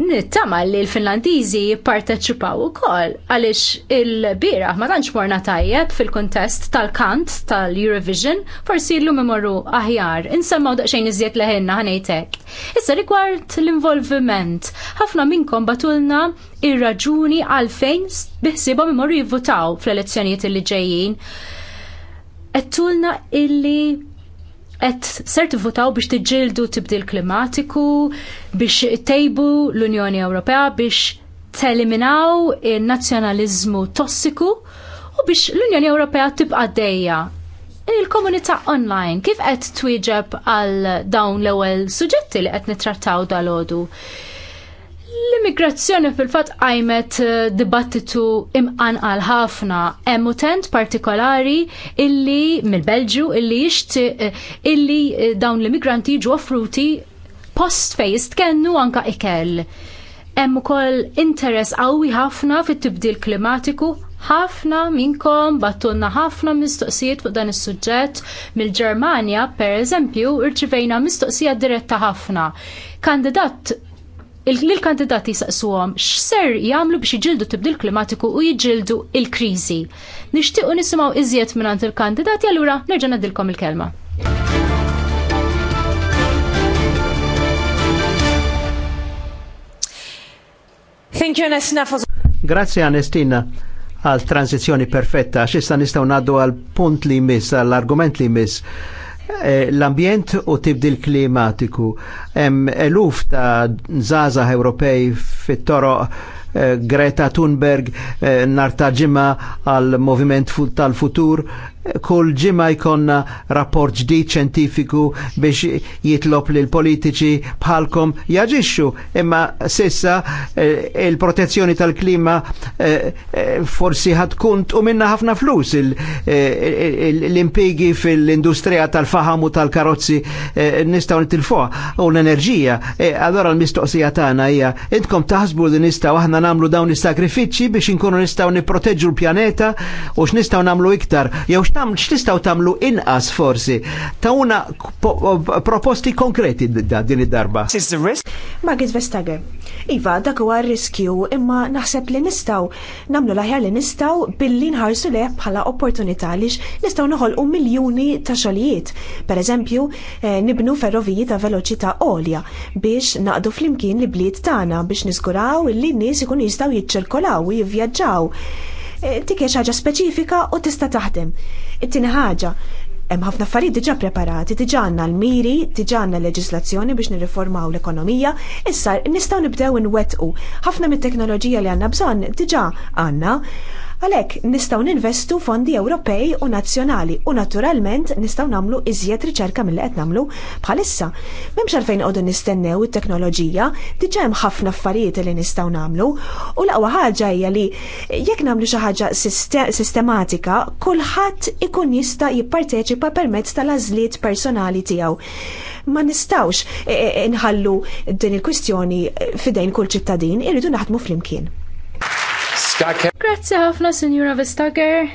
Speaker 1: nittama li l-Finlandiżi jipparteċipaw ukoll għaliex il bira ma tantx morna tajjeb fil-kuntest tal-kant tal-Eurovision forsi llum imorru aħjar insemmaw daqxajn iżjed leħinna ħanejtek. Issa rigward l-involviment, ħafna minnkom batulna ir-raġuni għalfejn biħsibom imorru jivvutaw fl-elezzjonijiet li ġejjin. Ettulna illi qed ser tivvutaw biex tiġġieldu tibdil klimatiku, biex tejbu l-Unjoni Ewropea biex teliminaw il nazzjonaliżmu tossiku u biex l-Unjoni Ewropea tibqa' dejja. Il-komunità online kif qed twieġeb għal dawn l-ewwel suġġetti li qed nittrattaw dal-għodu? L-immigrazzjoni fil-fat għajmet eh, dibattitu imqan għal ħafna hemm utent partikolari illi mill-Belġu illi jixti eh, illi eh, dawn l-immigranti ġu offruti post fej jistkennu anka ikel. Hemm ukoll interess qawwi ħafna fit-tibdil klimatiku ħafna minnkom battunna ħafna mistoqsijiet fuq dan is-suġġett mill-Ġermanja, per eżempju, irċivejna mistoqsija diretta ħafna. Kandidat il-kandidati saqsuhom x'ser jagħmlu biex jiġildu tibdil klimatiku u jiġildu il-kriżi. Nixtiequ nisimgħu iżjed mingħand il-kandidati allura nerġa' nadilkom il-kelma. Thank you, Anestina.
Speaker 2: Grazie, Anestina għal tranzizjoni perfetta, xista nistaw naddu għal punt li jmiss, għal argument li jmiss Eh, l-ambjent u tibdil klimatiku. Hemm eluf ta' żgħażagħ Ewropej fit toro eh, Greta Thunberg eh, nar ta' ġimma għal moviment tal-futur kull ġimma jkonna rapport ġdid ċentifiku biex jitlob li l-politiċi bħalkom jaġixxu. Imma sissa eh, il-protezzjoni tal-klima eh, eh, forsi ħatkun u minna ħafna flus l-impigi fil-industrija tal-faham u tal-karozzi nistaw nitilfuħ u l-enerġija. Allora l-mistoqsija tagħna hija intkom taħsbu li nistaw aħna nagħmlu dawn is-sakrifiċċji biex inkunu nistgħu nipproteġġu l-pjaneta u x'nistgħu nagħmlu iktar jew x'tistgħu tagħmlu inqas forsi tawna proposti konkreti din id-darba.
Speaker 3: Magid Vestager, Iva, dak huwa riskju imma naħseb li nistgħu nagħmlu l-aħjar li nistgħu billi nħarsu leh bħala opportunità għaliex nistgħu noħolqu miljuni ta' xogħlijiet. Pereżempju, eh, nibnu ferroviji ta' veloċità għolja biex naqdu flimkien li bliet tagħna biex niżguraw li n-nies ikun jistgħu jiċċirkolaw u jivvjaġġaw Eh, dik hija ħaġa speċifika u tista' taħdem. It-tieni ħaġa hemm ħafna affarijiet diġà preparati, diġà għandna l-miri, diġà għandna leġislazzjoni biex nirriformaw l-ekonomija, issa nistgħu nibdew inwettqu. Ħafna mit-teknoloġija li għandna bżonn diġà għandna. Għalhekk nistgħu ninvestu fondi Ewropej u nazzjonali u naturalment nistgħu nagħmlu iżjed riċerka mill qed nagħmlu bħalissa. M'hemmx għalfejn qogħdu nistennew it-teknoloġija, diġa' hemm ħafna affarijiet li nistgħu nagħmlu u l-aqwa ħaġa hija li jekk nagħmlu xi ħaġa sistematika, kulħadd ikun jista' jipparteċipa permezz tal-għażliet personali tiegħu ma nistawx eh, eh, inħallu din il-kwistjoni fidejn kull ċittadin, irridu naħdmu flimkien.
Speaker 1: Grazie ħafna, Signora Vestager.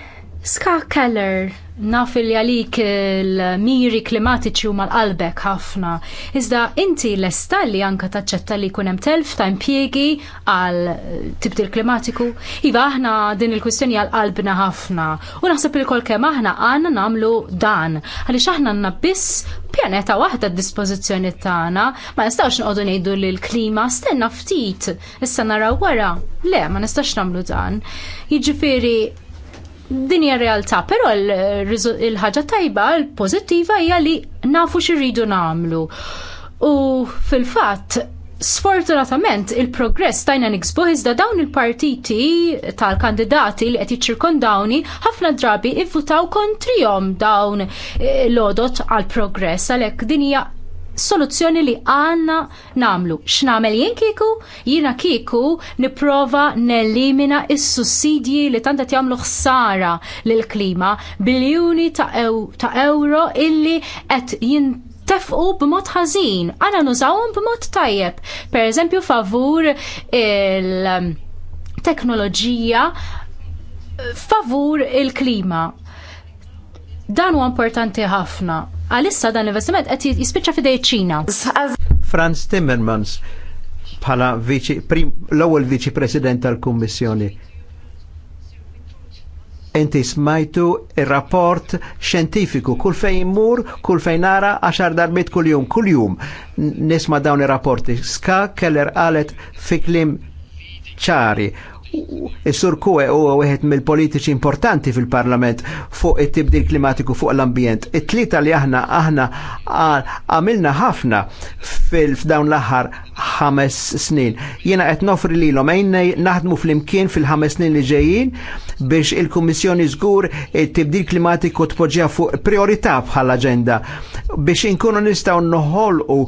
Speaker 1: Ska Keller, naf li għalik il-miri klimatiċi u mal-qalbek ħafna. Iżda inti l-esta li anka taċċetta li kunem telf ta' impiegi għal eh, tibdil klimatiku. Iva aħna din il-kustjoni għal qalbna ħafna. U naħseb li kol kem aħna għanna namlu dan. Għalix aħna għanna biss pjaneta waħda d-dispozizjoni tagħna, ma nistax nqogħdu ngħidu li l-klima stenna ftit issa naraw wara. Le, ma nistax namlu dan. Jiġifieri din hija realtà, però eh, il-ħaġa tajba, l-pożittiva hija li nafu x'irridu nagħmlu. U fil-fatt Sfortunatament il-progress tajna niksbu iżda dawn il-partiti tal-kandidati li qed jiċċirkondawni ħafna drabi ivvutaw kontrihom dawn eh, l-odot għal progress għalhekk din hija soluzzjoni li għanna namlu. X'namel jien kiku? Jiena kiku niprova nelimina is-sussidji li tanta jagħmlu ħsara lill-klima biljuni ta, ew, ta' euro illi qed jint tefqu b'mod ħażin, għana nużawhom b'mod tajjeb. Per eżempju, favur il-teknoloġija favur il-klima. Dan huwa importanti ħafna Għalissa dan l-investiment għet jispiċċa fidej ċina.
Speaker 2: Franz Timmermans bħala l-ewwel viċi president tal-Kummissjoni. Enti smajtu il rapport xjentifiku kull fejn mur, kull fejn nara għaxar darbit kull jum, kull jum. Nisma' dawn ir-rapporti. Ska Keller għalet fiklim ċari Is-sur Kue huwa wieħed mill-politiċi importanti fil-Parlament fuq it-tibdil klimatiku fuq l-ambjent. It-tlieta li aħna aħna għamilna ħafna f'dawn l-aħħar ħames snin. Jiena qed nofri lilhom għejn naħdmu flimkien fil-ħames snin li ġejjin biex il-Kummissjoni żgur it-tibdil klimatiku tpoġġiha fuq priorità bħall-aġenda biex inkunu nistgħu noħolqu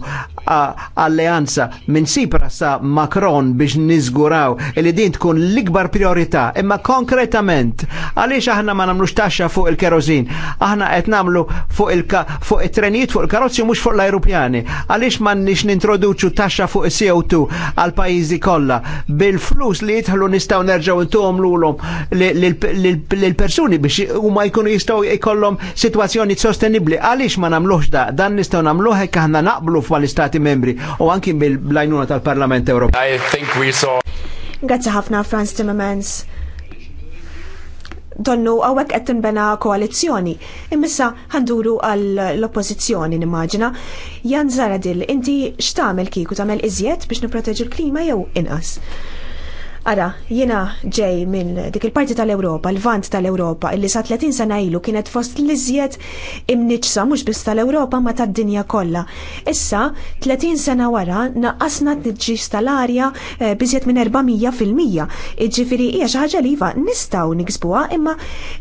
Speaker 2: alleanza minn Sipra sa Macron biex niżguraw li din tkun l-ikbar priorità, imma konkretament, għaliex aħna ma nagħmlux taxxa fuq il-kerozin, aħna qed nagħmlu fuq fuq it-trenijiet fuq il-karozzi mhux fuq l-ajrupjani, għaliex m'għandniex nintroduċu taxxa fuq is-CO2 għal pajjiżi kollha bil-flus li jidħlu nistgħu nerġgħu intuhom lulhom lill-persuni biex huma jkunu jistgħu jkollhom sitwazzjoni sostenibbli. Għaliex ma nagħmluhx da, dan nistgħu nagħmluh hekk aħna naqblu fuq l-istati membri u anki bil-lajnuna tal-Parlament Ewropew. I think we saw
Speaker 3: Grazzi ħafna Franz Timmermans. Donnu għawek qed tinbena koalizzjoni. Immissa ħanduru għall oppożizzjoni nimmaġina. Jan Zaradil, inti x'tagħmel kieku tagħmel iżjed biex nipproteġu l-klima jew inqas? Ara, jina ġej minn dik il-parti tal-Ewropa, l-vant tal-Ewropa, illi sa 30 sena ilu kienet fost l-iżjed imniċsa mhux biss tal-Ewropa ma tad-dinja kollha. Issa, 30 sena wara naqqasna t-ġis tal-arja eh, biżjed minn 400 fil-mija. Iġifieri hija xi ħaġa li iva nistgħu niksbuha imma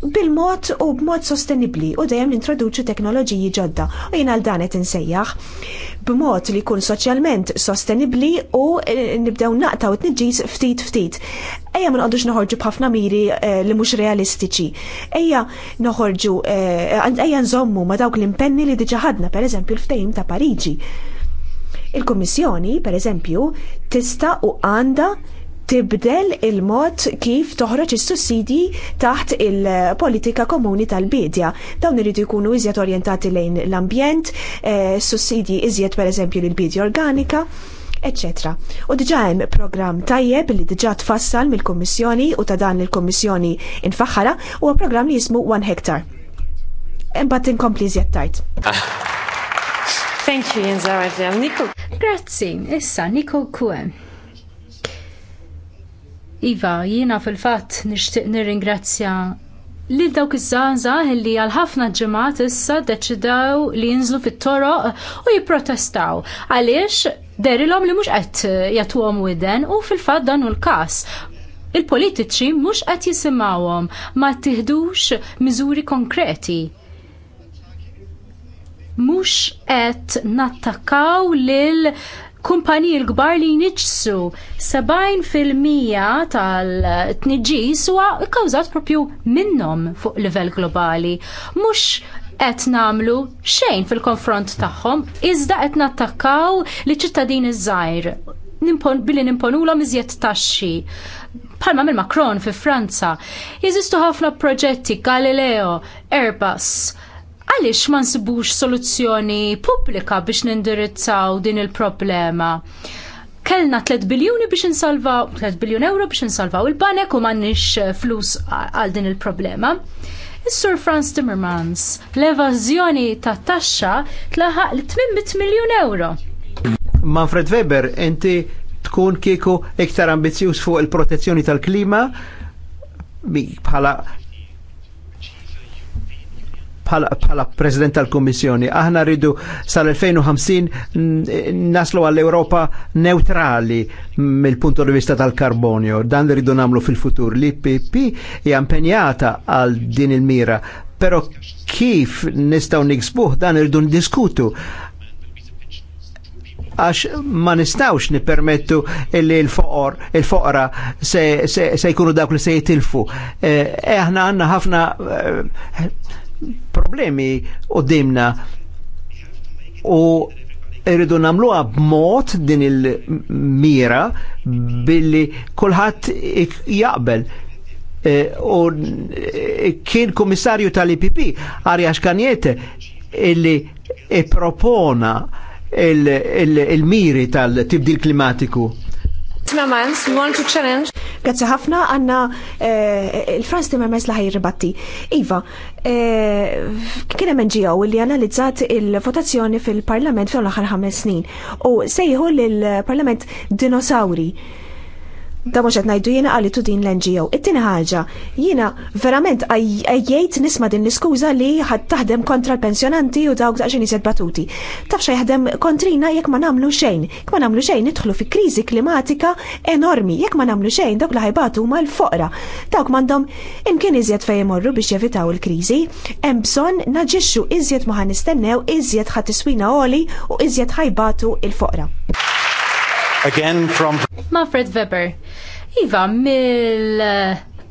Speaker 3: bil-mod u b'mod sostenibbli u dejjem nintroduċu teknoloġiji ġodda u jiena l danet insejjaħ b'mod li jkun soċjalment sostenibbli u eh, nibdew naqtaw t-nġis ftit ftit ftit. Ejja ma nqogħdux noħorġu b'ħafna miri eh, li mhux realistiċi. Ejja noħorġu eh, ejja nżommu ma dawk l-impenni li diġa ħadna pereżempju l-ftehim ta' Pariġi. Il-Kummissjoni, pereżempju, tista' u għandha tibdel il-mod kif toħroġ is-sussidji taħt il-politika komuni tal-bidja. Dawn iridu jkunu iżjed orjentati lejn l-ambjent, eh, sussidji iżjed pereżempju lill bidja organika etc. U diġa hemm programm tajjeb li diġa tfassal mill-Kummissjoni u ta' dan il-Kummissjoni infaħħara huwa programm li jismu One Hectare. Imbagħad inkompli iżjed
Speaker 1: Thank you, Jenza Niko. Grazzi, issa Niko Kue. Iva, jiena fil-fatt nixtieq nirringrazzja li dawk iż żanza li għal ħafna ġimgħat issa deċidaw li jinżlu fit-toroq u jipprotestaw. Għaliex derilhom li mhux qed eh, jagħtuhom widen u fil-fatt dan u l-każ. Il-politiċi mhux qed jisimawom ma tihdux miżuri konkreti. Mhux qed nattakkaw lil kumpani l-kbar li jniġsu 70% tal-tniġis huwa kkawżat propju minnhom fuq livell globali. Mhux qed nagħmlu xejn fil-konfront tagħhom, iżda qed nattakkaw li ċittadini żgħir billi nimponulhom iżjed taxxi. Palma mill Macron fi Franza, jeżistu ħafna proġetti Galileo, Airbus, għaliex ma nsibux soluzzjoni pubblika biex nindirizzaw din il-problema kellna 3 biljuni biex insalvaw, 3 biljun euro biex insalvaw il-banek u mannix flus għal din il-problema. Is-Sur Franz Timmermans l-evażjoni ta' taxxa tlaħaq l-800 miljun euro.
Speaker 2: Manfred Weber, inti tkun kieku iktar ambizjuż fuq il-protezzjoni tal-klima bħala bħala President tal-Kommissjoni. Aħna rridu sal-2050 naslu għall-Europa neutrali mill-punto di vista tal-karbonio. Dan li rridu namlu fil-futur. L-IPP jampenjata għal din il-mira, pero kif nistaw niksbuħ dan irridu diskutu għax ma nistawx nipermettu illi l-foqor, il-foqra se, se, se jkunu dawk li se jitilfu. Eħna eh, eh, għanna ħafna eh, problemi u dimna u irridu namluha b'mod din il-mira billi kulħadd jaqbel e, u kien komissarju tal-IPP Arias Xkanjete illi e propona il-miri tal-tibdil klimatiku
Speaker 3: Timmermans, we want to challenge. Grazzi ħafna għanna eh, il franz Timmermans laħi ribatti. Iva, eh, kien hemm u li analizzat il-votazzjoni fil-Parlament fl-aħħar ħames snin u sejħu lill-Parlament dinosauri. Da mhux qed ngħidu jiena tu din l-NGO. It-tieni ħaġa, jiena verament għajjajt nisma' din l-iskuża li ħad taħdem kontra l-pensjonanti u dawk daqsxejn jizet batuti. Taf jaħdem kontrina jekk ma nagħmlu xejn. Jek ma nagħmlu xejn nitħlu fi kriżi klimatika enormi. Jekk ma nagħmlu xejn dawk li ħajbatu huma l-foqra. Dawk m'għandhom imkien iżjed fejn imorru biex jevitaw il-kriżi, hemm bżonn naġixxu iżjed ma ħanistennew iżjed ħatiswina oli u iżjed ħajbatu il-foqra.
Speaker 2: Again from
Speaker 1: Manfred Weber. Iva mill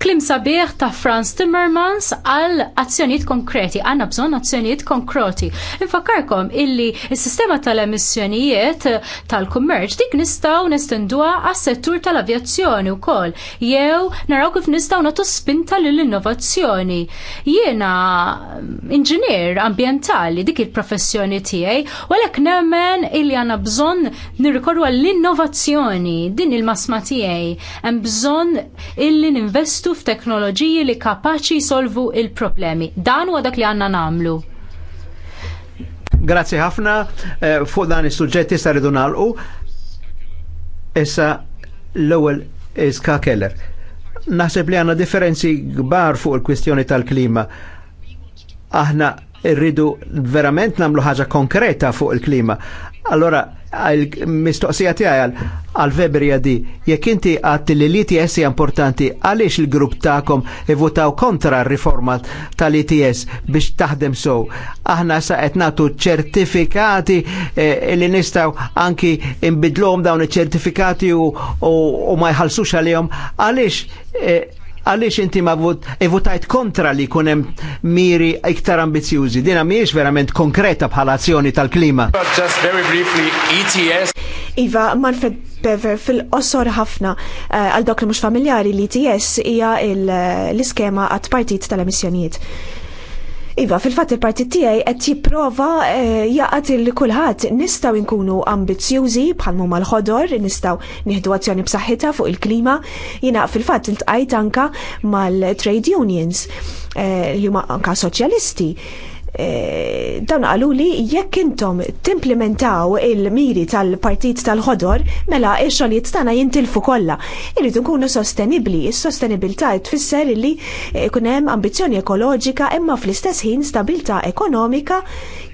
Speaker 1: Klim sabiħ ta' Franz Timmermans għal azzjonijiet konkreti, għanna bżon azzjonijiet konkreti. Infakarkom illi il-sistema tal-emissjonijiet tal-kummerċ dik nistaw nestendua għas settur tal-avjazzjoni u kol, jew naraw kif nistaw natu spinta l-innovazzjoni. Jiena mm, inġinier ambientali dik il-professjoni tiegħi, u għalek nemmen illi għanna bżon nirrikorru għall-innovazzjoni din il-masma tiegħi, hemm bżon illi ninvestu f'teknoloġiji li kapaċi jsolvu l problemi Dan huwa dak li għandna nagħmlu.
Speaker 2: Grazzi ħafna eh, fuq dan is-suġġett issa rridu nagħlqu. Issa l-ewwel iska Keller. Naħseb li għandna differenzi kbar fuq il-kwistjoni tal-klima. Aħna irridu verament namlu ħaġa konkreta fuq il-klima. Allora, mistoqsija tiegħi għal Weberja di, jekk inti għatti li l-ITS hija importanti, għaliex il-grupp tagħkom ivutaw kontra r-riforma tal-ITS biex taħdem sow. Aħna sa qed nagħtu ċertifikati eh, li nistgħu anki imbidlhom dawn iċ-ċertifikati u ma jħallsux għalihom. Għaliex eh, għaliex inti ma votajt kontra li kunem miri iktar ambizjużi. Dina miex verament konkreta bħala azzjoni tal-klima. E
Speaker 3: iva, Manfred Bever fil-qosor ħafna eh, għal dok li mhux familjari li e TS hija l-iskema għat partit tal-emissjonijiet. Iva, fil-fat il-partit tiegħi qed jipprova eh, jaqat il-kulħadd nistgħu nkunu ambizzjużi bħal mal ħodor nistgħu nieħdu azzjoni b'saħħitha fuq il-klima. jina fil-fatt intqajt anka mal-trade unions eh, li huma anka soċjalisti Eh, dawn għalu li jekk intom timplementaw il-miri tal-partit tal-ħodor, mela il-xoliet tana jintilfu kolla. Irridu nkunu sostenibli, il-sostenibilta tfisser li eh, kunem ambizjoni ekoloġika imma fl-istess ħin stabilta ekonomika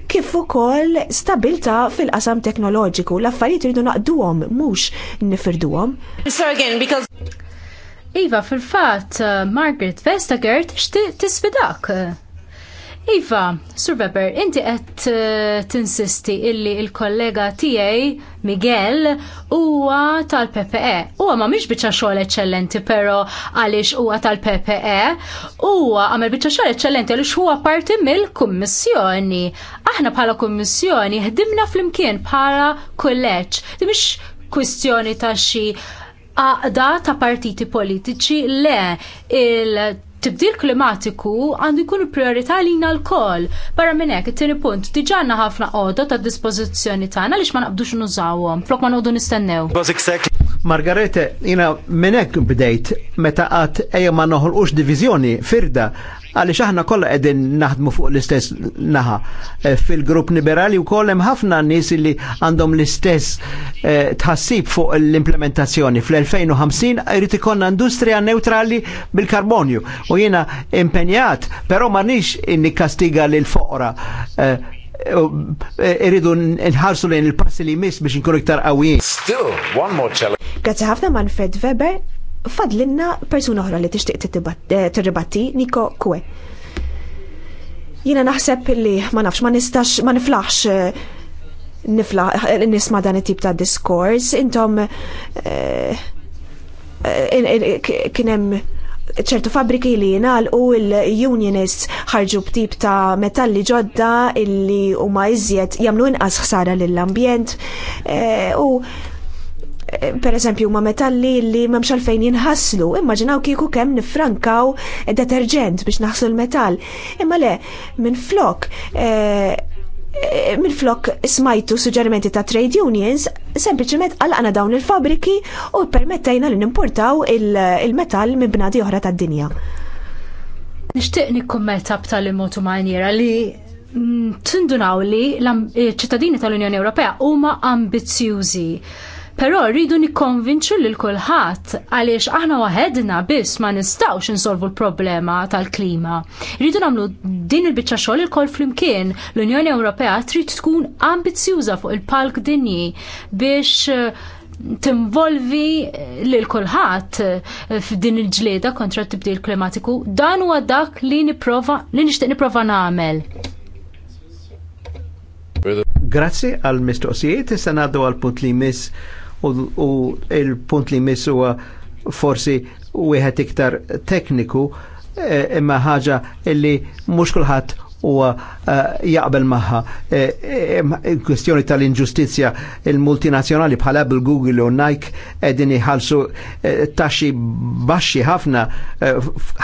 Speaker 3: kif ukoll stabilta fil-qasam teknoloġiku. L-affarijiet irridu naqduhom mhux nifirduhom.
Speaker 1: Iva, fil-fat, eh, Margaret Vestager tixtieq tisfidak Iva, Sur Pepper, inti qed eh, tinsisti illi il-kollega tiegħi Miguel huwa tal-PPE. Huwa ma mhix biċċa xogħol eċċellenti, però għaliex huwa tal-PPE, huwa għamel biċċa xogħol eċċellenti għaliex huwa parti mill-Kummissjoni. Aħna bħala Kummissjoni ħdimna flimkien bħala kulleġġ. Di mhix kwistjoni ta' xi għaqda ta' partiti politiċi le il tibdil klimatiku għandu jkun priorità jina l koll Barra minnek, it-tieni punt, diġà għandna ħafna qodod tad dispożizzjoni tagħna għaliex ma naqbdux nużawhom, flok ma noqdu nistennew.
Speaker 2: Margarete, jina minnek bdejt meta għat eja ma noħolqux divizjoni firda għalli xaħna kolla qegħdin naħdmu fuq l-istess naħa. E, fil-grupp liberali u kollem ħafna nis li għandhom l-istess e, tħassib fuq l-implementazzjoni. Fl-2050 irid ikollna industrija neutrali bil-karbonju u jena impenjat, pero ma nix inni kastiga li l foqra e, irridu nħarsu lejn il-passi li mis biex nkunu iktar għawijin. Still, one more challenge.
Speaker 3: Grazzi ħafna Manfred Weber fadlinna persuna oħra li tixtieq eh, tirribatti, Niko Kwe. Jiena naħseb li ma nafx ma nistax ma niflaħx eh, eh, nisma dan it-tip ta' diskors, intom kien hemm ċertu fabriki li jingħalqu u l-unionists ħarġu b'tip ta' metalli ġodda illi huma iżjed jagħmlu inqas ħsara lill-ambjent u per eżempju ma metalli li memx għalfejn jinħasslu, immaġinaw kieku kemm nifrankaw deterġent biex naħslu l-metall. Imma le, minn flok, eh, minn flok smajtu suġġerimenti ta' trade unions, sempliciment għalqna dawn il-fabriki u permettajna li nimportaw il-metall minn bnadi oħra tad dinja.
Speaker 1: Nishtiq nikkommenta b'tali motu maniera li mm, tindunaw li ċittadini tal-Unjoni Ewropea huma ambizzjużi Però rridu nikkonvinċu lil kulħadd għaliex aħna waħedna biss ma nistgħux insolvu l-problema tal-klima. Rridu nagħmlu din il-biċċa xogħol il flimkien l-Unjoni Ewropea trid tkun ambizzjuża fuq il-palk dinji biex eh, tinvolvi lil kulħadd eh, f'din il-ġlieda kontra t-tibdil klimatiku, dan huwa dak li niprova li nixtieq niprova nagħmel.
Speaker 2: Grazzi għal mistoqsijiet issa ngħaddu għal punt li miss u il-punt li jmiss forsi u iktar tekniku eh, imma ħaġa illi mhux kulħadd u eh, jaqbel maħħa. Eh, eh, kwestjoni tal-inġustizja il-multinazzjonali bħal Apple, Google u Nike edin iħalsu taxxi baxxi ħafna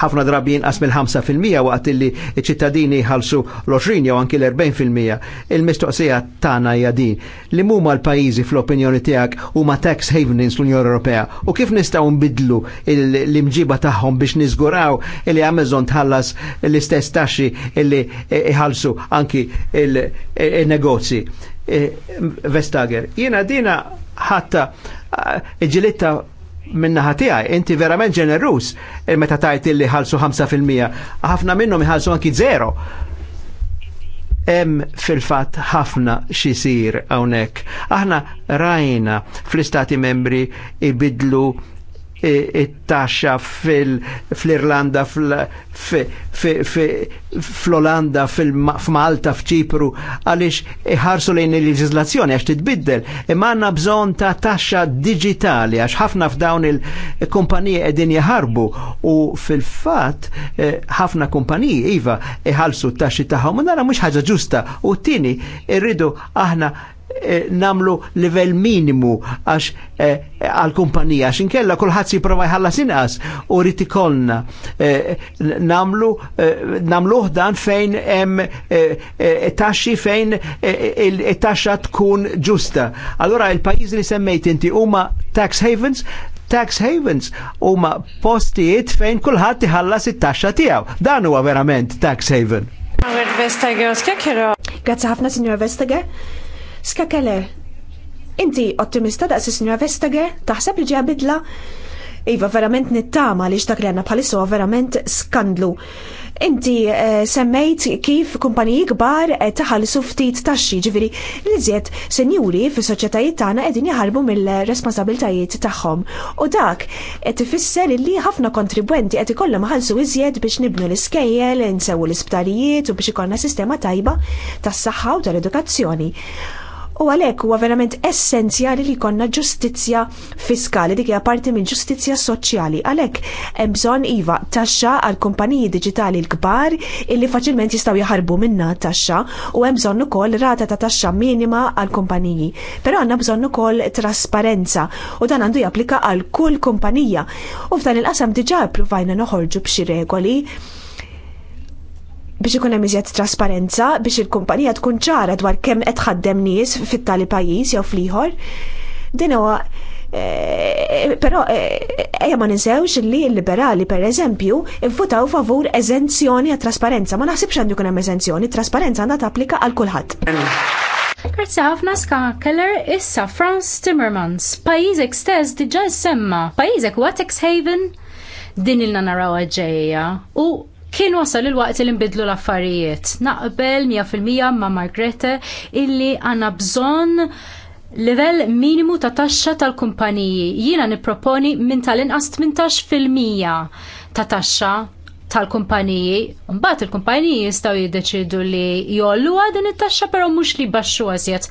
Speaker 2: ħafna drabi inqas mill-5% waqt li ċittadini jħalsu l-20 jew anki l-40%. Il-mistoqsija tagħna hija din. Li huma l-pajjiżi fl-opinjoni tiegħek huma tax havenings l-Unjoni Ewropea u kif nistgħu nbidlu l-imġiba tagħhom biex niżguraw li Amazon tħallas l-istess taxxi li E, iħalsu anki il-negozji. E, e, Vestager, jiena dina ħatta minna minnaħa tiegħi, inti verament ġenerus meta tajt illi ħalsu 5%, ħafna minnhom iħalsu anki zero. Hemm fil-fatt ħafna xisir hawnhekk. Aħna rajna fl-istati membri ibidlu it-taxxa fl-Irlanda, fl-Olanda, f'Malta, f'Ċipru, għaliex iħarsu lejn il-leġizlazzjoni għax titbiddel. Imma għandna bżonn ta' taxxa digitali għax ħafna f'dawn il-kumpaniji qegħdin jaħarbu u fil-fatt eh, ħafna kumpaniji iva iħallsu t-taxxi tagħhom u nara mhux ħaġa ġusta u t-tieni irridu aħna Eh, namlu level minimu għax eh, għal-kumpanija, għax inkella kullħat jiprofa jħallas inqas u rriti kolna eh, namlu namlu uħdan fejn hemm taxxi fejn it-taxxa tkun ġusta. Allora il pajiz li semmejt inti huma tax havens, tax havens huma postijiet fejn kulħadd iħallas it-taxxa tiegħu. Dan huwa verament tax haven.
Speaker 3: Għawet Grazie ħafna, Signor Vestager. Skakele, inti ottimista daqs is-Sinjora Vestager, taħseb li ġeja bidla? Iva, verament nittama li x'dak li għanna verament skandlu. Inti eh, semmejt kif kumpaniji kbar eh, ftit taxxi, ġifiri, li żied senjuri fis soċjetajiet tagħna qegħdin jaħarbu mill-responsabiltajiet tagħhom. U dak qed ifisser li ħafna kontribwenti qed ikollhom ħalsu iżjed biex nibnu l-iskejjel, insew l-isptarijiet u biex ikollna sistema tajba tas-saħħa u tal-edukazzjoni. U għalhekk huwa verament essenzjali li jkollna ġustizzja fiskali dik hija parti minn ġustizzja soċjali. Għalhekk hemm bżonn iva taxxa għal kumpaniji diġitali l-kbar illi faċilment jistgħu jaħarbu minna taxxa u hemm bżonn ukoll rata ta' taxxa minima għal kumpaniji. Però għandna bżonn ukoll trasparenza u dan għandu japplika għal kull kumpanija. U f'dan il-qasam diġà ppruvajna noħorġu b'xi regoli biex ikun hemm iżjed trasparenza biex il-kumpanija tkun ċara dwar kemm qed tħaddem nies fit-tali pajjiż jew fl-ieħor. Din huwa eh, però eh, ejja ma ninsewx li l-liberali pereżempju infutaw favur eżenzjoni għat trasparenza. Ma naħsibx għandu jkun hemm eżenzjoni, trasparenza għandha tapplika għal kulħadd.
Speaker 1: Grazie ħafna ska Keller issa Franz Timmermans, pajjiżek stess diġà semma, pajjiżek huwa Tex Haven, din il nanaraw naraw ġejja u kien wasal il-waqt li nbidlu l-affarijiet. Naqbel 100% ma' Margrethe illi għanna bżon Level minimu ta' taxxa tal-kumpaniji jiena nipproponi minn tal-inqas 18% ta' taxxa tal-kumpaniji. Mbagħad il-kumpaniji jistgħu jiddeċidu li jollu din it-taxxa però mhux li baxxu għażjed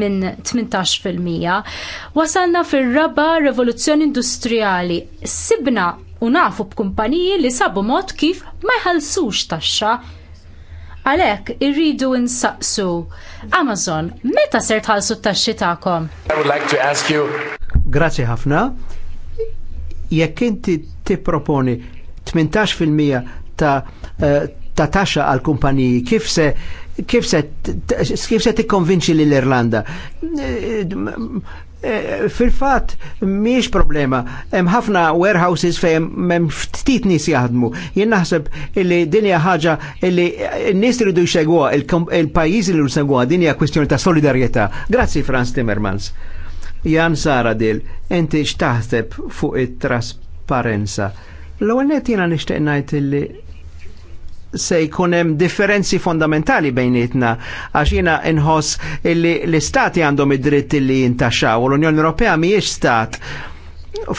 Speaker 1: minn 18%. Wasalna fir-raba rivoluzzjoni industrijali. Sibna u nafu b'kumpaniji li sabu mod kif ma jħallsux taxxa. Għalhekk irridu insaqsu. Amazon, meta ser tħallsu t-taxxi tagħkom?
Speaker 2: I would like to ask you. Grazzi ħafna. Jekk inti tipproponi 18% ta' eh, ta' taxxa għal kumpaniji kif se kif se kif se tikkonvinċi lill-Irlanda? Eh, Eh, fil-fat miex problema. Hemm ħafna warehouses fejn hemm ftit nies jaħdmu. Jien naħseb illi din hija ħaġa illi n-nies iridu jsegwuha il-pajjiż li jsegwa din hija kwestjoni ta' solidarjetà. Grazzi Franz Timmermans. Jan Sara Dil, inti x'taħseb fuq it-trasparenza. L-ewwel nett jiena nixtieq ngħid illi se jkun hemm differenzi fondamentali bejnietna għax jiena inħoss illi l-istati għandhom id-dritt li jintaxxaw u l-Unjoni Ewropea mhijiex stat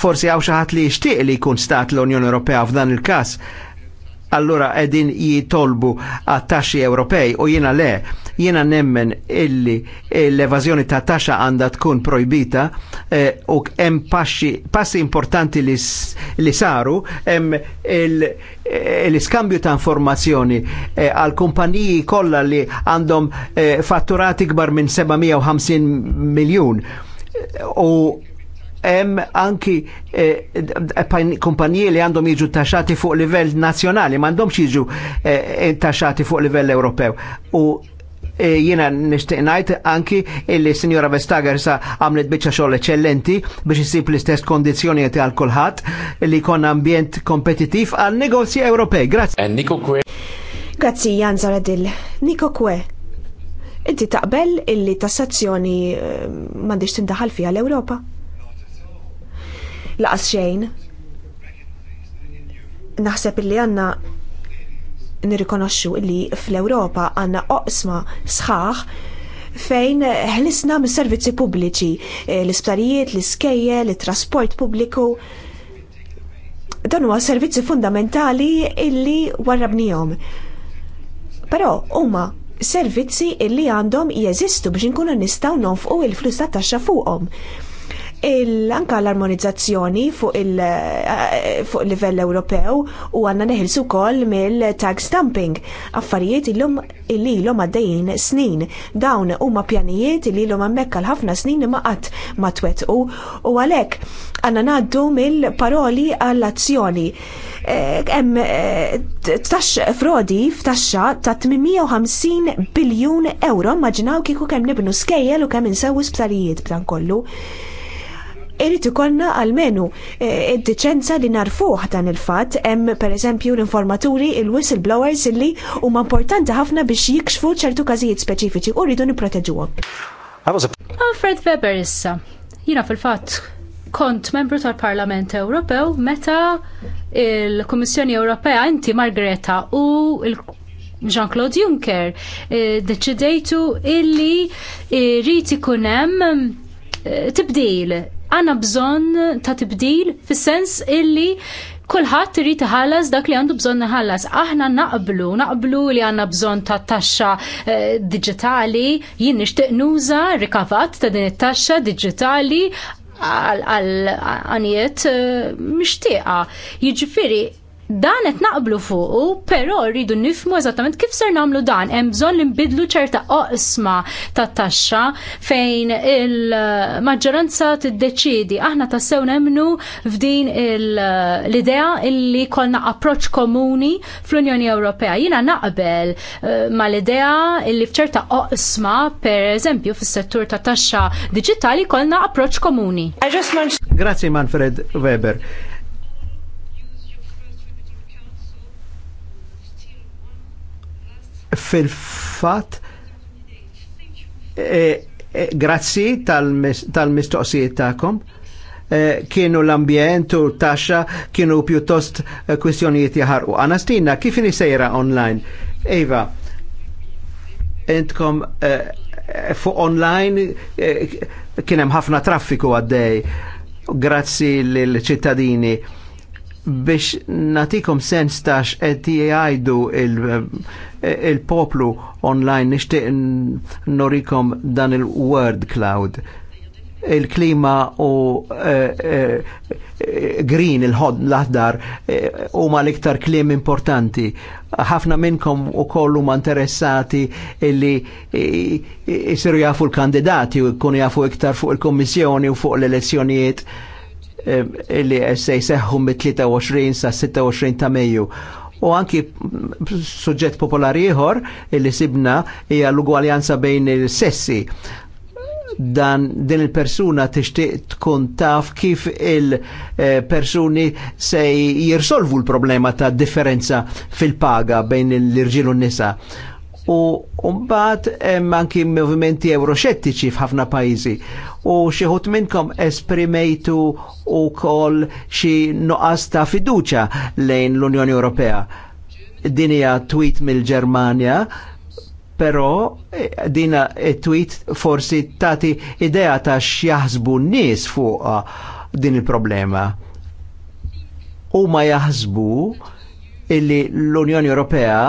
Speaker 2: forsi għaw xaħat li jishtiq li jkun stat l-Unjoni Ewropea f'dan il-kas, allora edin jitolbu għat-taxxi Ewropej u jiena le, jiena nemmen illi l evazjoni ta' taxa għanda tkun projbita eh, u hemm passi importanti li, li saru hemm eh, l-iskambju ta' informazzjoni eh, għal eh, kumpaniji kolla li għandhom eh, fatturati kbar minn 750 miljon u hemm anki eh, li għandhom jiġu taxxati fuq livell nazzjonali, m'għandhomx jiġu eh, taxxati fuq livell Ewropew. U eh, jiena nishtiq ngħid anki illi Sinjora Vestager sa għamlet biċċa xogħol eċċellenti biex isib l-istess kondizzjonijiet għal kulħadd li jkun ambjent kompetittiv għal negozji Ewropej. Grazzi. Eh,
Speaker 3: Grazzi Jan Zaradil. Niko Kwe. Inti taqbel illi tassazzjoni m'għandix tindaħal fiha l-Ewropa? laqas xejn. Naħseb illi għanna nirrikonoxxu illi fl-Ewropa għanna oqsma sħaħ fejn ħlisna mis servizzi pubbliċi, eh, l-isptarijiet, l-iskejje, l-trasport pubbliku. Dan huwa servizzi fundamentali illi warrabnihom. Però huma servizzi illi għandhom jeżistu biex inkunu nistgħu nonfqu il-flus tat-taxxa fuqhom. Anka l-armonizzazzjoni fuq il-livell Ewropew u għanna neħilsu kol mill-tag stamping, affarijiet il illi l-om għaddejjin snin. Dawn huma pjanijiet illi l-om għammekka l-ħafna snin ma qatt ma twet u għalek għanna naddu mill-paroli għall-azzjoni. Eh, hemm eh, tax frodi f'taxxa ta' 850 biljun euro, maġinaw kieku kemm nibnu skejjel u kemm insewu sptarijiet b'dan kollu. Irrid ikollna għalmenu e, id-diċenza li narfuh dan il-fatt hemm pereżempju l-informaturi il-whistleblowers illi huma importanti ħafna biex jikxfu ċertu każijiet speċifiċi u rridu nipproteġuhom.
Speaker 1: Alfred Weber issa. Jina fil-fatt kont membru tal-Parlament Ewropew meta il-Kummissjoni Ewropea inti Margreta u il- Jean-Claude Juncker e, deċidejtu illi e, rriti ikun hemm tibdil għanna bżonn ta' tibdil fis-sens illi kulħadd irid iħallas dak li għandu bżonn iħallas. Aħna naqblu, naqblu li għandna bżonn ta' taxxa eh, diġitali, jien nixtieq nuża rikavat ta' din it-taxxa digitali għal għaniet eh, mixtieqa. Jiġifieri Dan qed naqblu fuqu, però rridu nifmu eżattament kif ser nagħmlu dan. Hemm bżonn li nbidlu ċerta oqsma ta' taxxa fejn il-maġġoranza tiddeċidi. Aħna tassew nemnu f'din l-idea illi kollna approċ komuni fl-Unjoni Ewropea. Jiena naqbel eh, ma l-idea illi f'ċerta oqsma, per eżempju, fis-settur ta' taxxa diġitali kollna approċ komuni.
Speaker 2: Grazie Manfred Weber. fil-fat eh, eh, grazzi tal-mistoqsijiet tal ta'kom eh, kienu l-ambjent u taxxa kienu pjuttost kwistjonijiet jaħarqu. Anastina, kif sejra online? Eva, entkom fuq online kienem ħafna traffiku għaddej grazzi l-ċittadini biex natikom sens tax xqed għajdu il-poplu il online nixtieq norikom dan il-word cloud il-klima u uh, uh, green, il-ħod, l-aħdar, u uh, eh, ma l-iktar klim importanti. ħafna minnkom u kollu ma interessati illi jisiru jafu l-kandidati u jkunu jafu iktar fuq il-kommissjoni u fuq l-elezzjonijiet illi se jseħħu mit-23 sa 26 ta' Mejju. U anki suġġett popolari ieħor li sibna hija l-ugwaljanza bejn il-sessi. Dan din il-persuna tixtieq tkun taf kif il-persuni se jirsolvu l-problema ta' differenza fil-paga bejn l-irġiel u n-nisa u mbagħad hemm anki movimenti euroxettiċi f'ħafna pajjiżi u xi minnkom esprimejtu wkoll xi noqas ta' fiduċja lejn l-Unjoni Ewropea. Din hija tweet mill-Ġermanja, però eh, dina eh, tweet forsi tati idea ta' x'jaħsbu n-nies fuq ah, din il-problema. Huma jaħsbu illi l-Unjoni Ewropea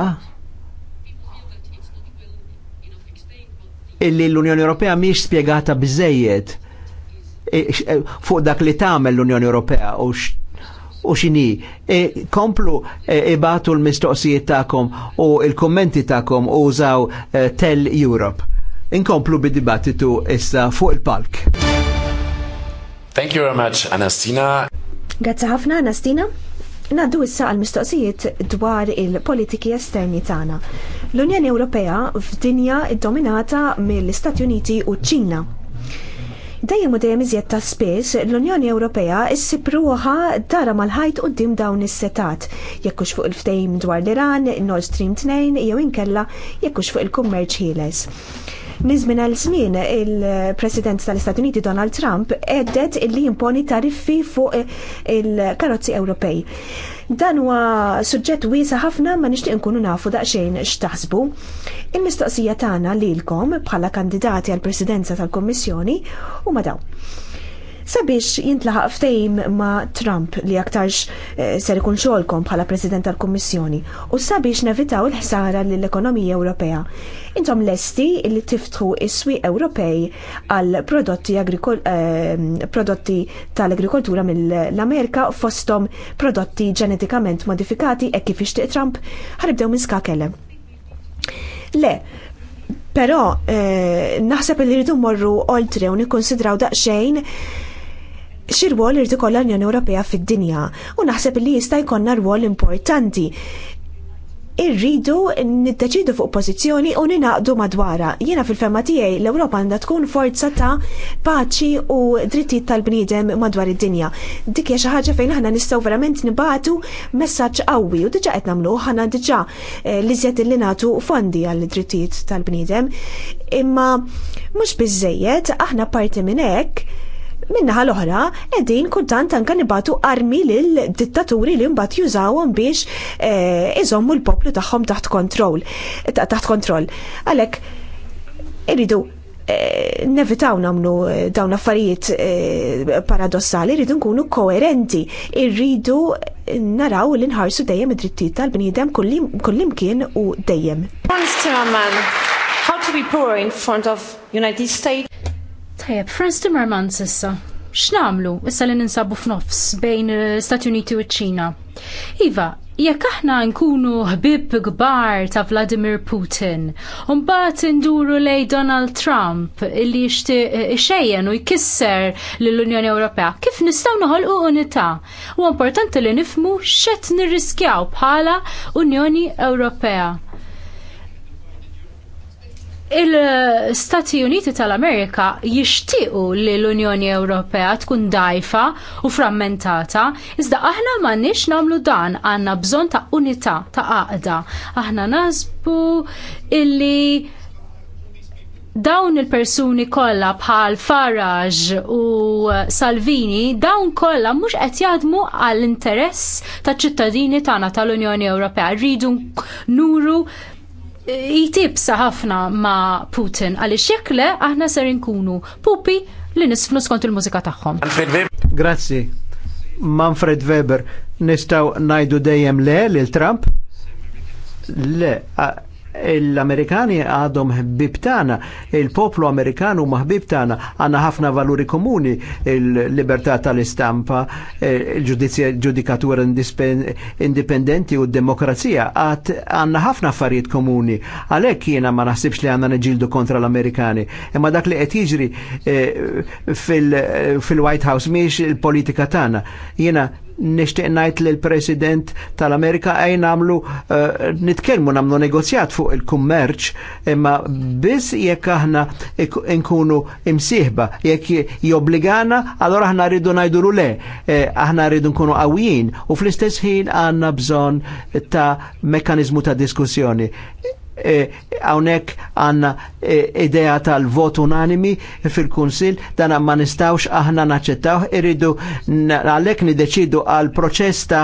Speaker 2: illi l-Unjoni Ewropea mhix spjegata biżejjed e, e, fuq dak li tagħmel l-Unjoni Ewropea u u xini. E, komplu e, ibatu e, e l-mistoqsijiet tagħkom u il-kommenti tagħkom użaw e, Tell Europe. Inkomplu bid-dibattitu issa fuq il-palk. Thank you very much, Anastina.
Speaker 3: Grazie ħafna, Anastina. Naddu issa għal mistoqsijiet dwar il-politiki esterni tagħna. L-Unjoni Ewropea f'dinja dominata mill-Istati Uniti u ċ-Ċina. Dejjem u dejjem iżjed ta' spiss l-Unjoni Ewropea issipruha ruħa dara mal-ħajt quddiem dawn is-setat, jekk hux fuq il-ftehim dwar l-Iran, Nord Stream 2 jew inkella jekk hux fuq il-kummerċ ħieles. Nizmin għal żmien il-President tal-Istati Uniti Donald Trump eddet li jimponi tariffi fuq il-karozzi Ewropej. Dan huwa suġġett wiesa ħafna ma nixtieq nkunu nafu daqsxejn x'taħsbu. Il-mistoqsija tagħna lilkom bħala kandidati għall-Presidenza tal-Kommissjoni huma dawn sabiex jintlaħaq ftejm ma' Trump li aktarx eh, ser ikun xolkom bħala President tal-Kommissjoni u sabiex nevitaw il-ħsara l-ekonomija Ewropea. Intom lesti li tiftħu is is-swi Ewropej għal prodotti, eh, prodotti tal-agrikoltura mill-Amerika fostom prodotti ġenetikament modifikati e kif ixtieq Trump ħarbdew minn skakele. Le, Pero eh, naħseb li rridu morru oltre u nikkonsidraw daqsxejn X'irwol rwol irid ikollha l-Unjoni Ewropea fid-dinja u naħseb li jista' jkollna rwol importanti. Irridu niddeċidu fuq pożizzjoni u ninaqdu madwara. Jiena fil-femma tiegħi l-Ewropa għandha tkun forza ta' paċi u drittijiet tal-bniedem madwar id-dinja. Dik hija xi ħaġa fejn aħna nistgħu verament nibatu messaġġ qawwi u diġà qed nagħmluh ħana diġà eh, li żjed li nagħtu fondi għall-drittijiet tal-bniedem. Imma mhux biżejjed aħna parti minn hekk Minnaħa l-oħra, edin kultant anka nibatu armi lil-dittaturi li mbagħad jużawhom biex eh, iżommu l-poplu tagħhom taħt kontroll. Taħt kontroll. Għalhekk irridu eh, nevitaw namlu eh, dawn affarijiet paradossali, rridu nkunu koerenti, irridu naraw li nħarsu dejjem id-drittijiet tal-bniedem kullimkien u dejjem.
Speaker 1: How to be poor in front of United States? Tajab, Franz Timmermans s'issa. X'namlu issa li ninsabu f'nofs bejn eh, Stati Uniti u ċ-Ċina? Iva, jekk aħna nkunu ħbib kbar ta' Vladimir Putin, mbagħad induru lej Donald Trump illi jixtieq eh, xejjen u jkisser lill-Unjoni Ewropea, kif nistgħu noħolqu unità? U importanti li nifmu x'qed nirriskjaw bħala Unjoni Ewropea il-Stati Uniti tal-Amerika jixtiequ li l-Unjoni Ewropea tkun dajfa u frammentata, iżda aħna m'għandniex nagħmlu dan, għandna bżonn ta' unità ta' għaqda. Aħna nasbu illi dawn il-persuni kollha bħal Farage u Salvini, dawn kollha mhux qed jaħdmu għall-interess taċ ċittadini tagħna tal-Unjoni Ewropea. Rridu nuru jitibsa ħafna ma' Putin għaliex jekk le aħna ser inkunu pupi li nisfnu skont il-mużika tagħhom.
Speaker 2: Grazzi. Manfred Weber, nistaw najdu dejjem le lil Trump? Le, l-Amerikani għadhom tagħna, il-poplu Amerikanu ma tagħna, għanna ħafna valuri komuni, il-libertà tal-istampa, il-ġudikatura indipendenti u d-demokrazija, għanna ħafna affarijiet komuni. Għalek jiena ma naħsibx li għanna neġildu kontra l-Amerikani. Imma dak li qed jiġri eh, fil-White House miex il-politika tagħna. Jiena nishtiq najt li l-President tal-Amerika għaj namlu uh, eh, nitkelmu namlu negozjat fuq il-kummerċ imma biss jekk aħna nkunu imsieħba jekk jobbligana allora aħna rridu najduru le eh, aħna rridu nkunu għawijin u fl-istess ħin għanna bżonn ta' mekanizmu ta' diskussjoni Hawnhekk e, għandna e, idea tal-vot unanimi fil-Kunsil dan ma nistawx aħna naċċettaw irridu għalhekk nideċidu għal proċess ta',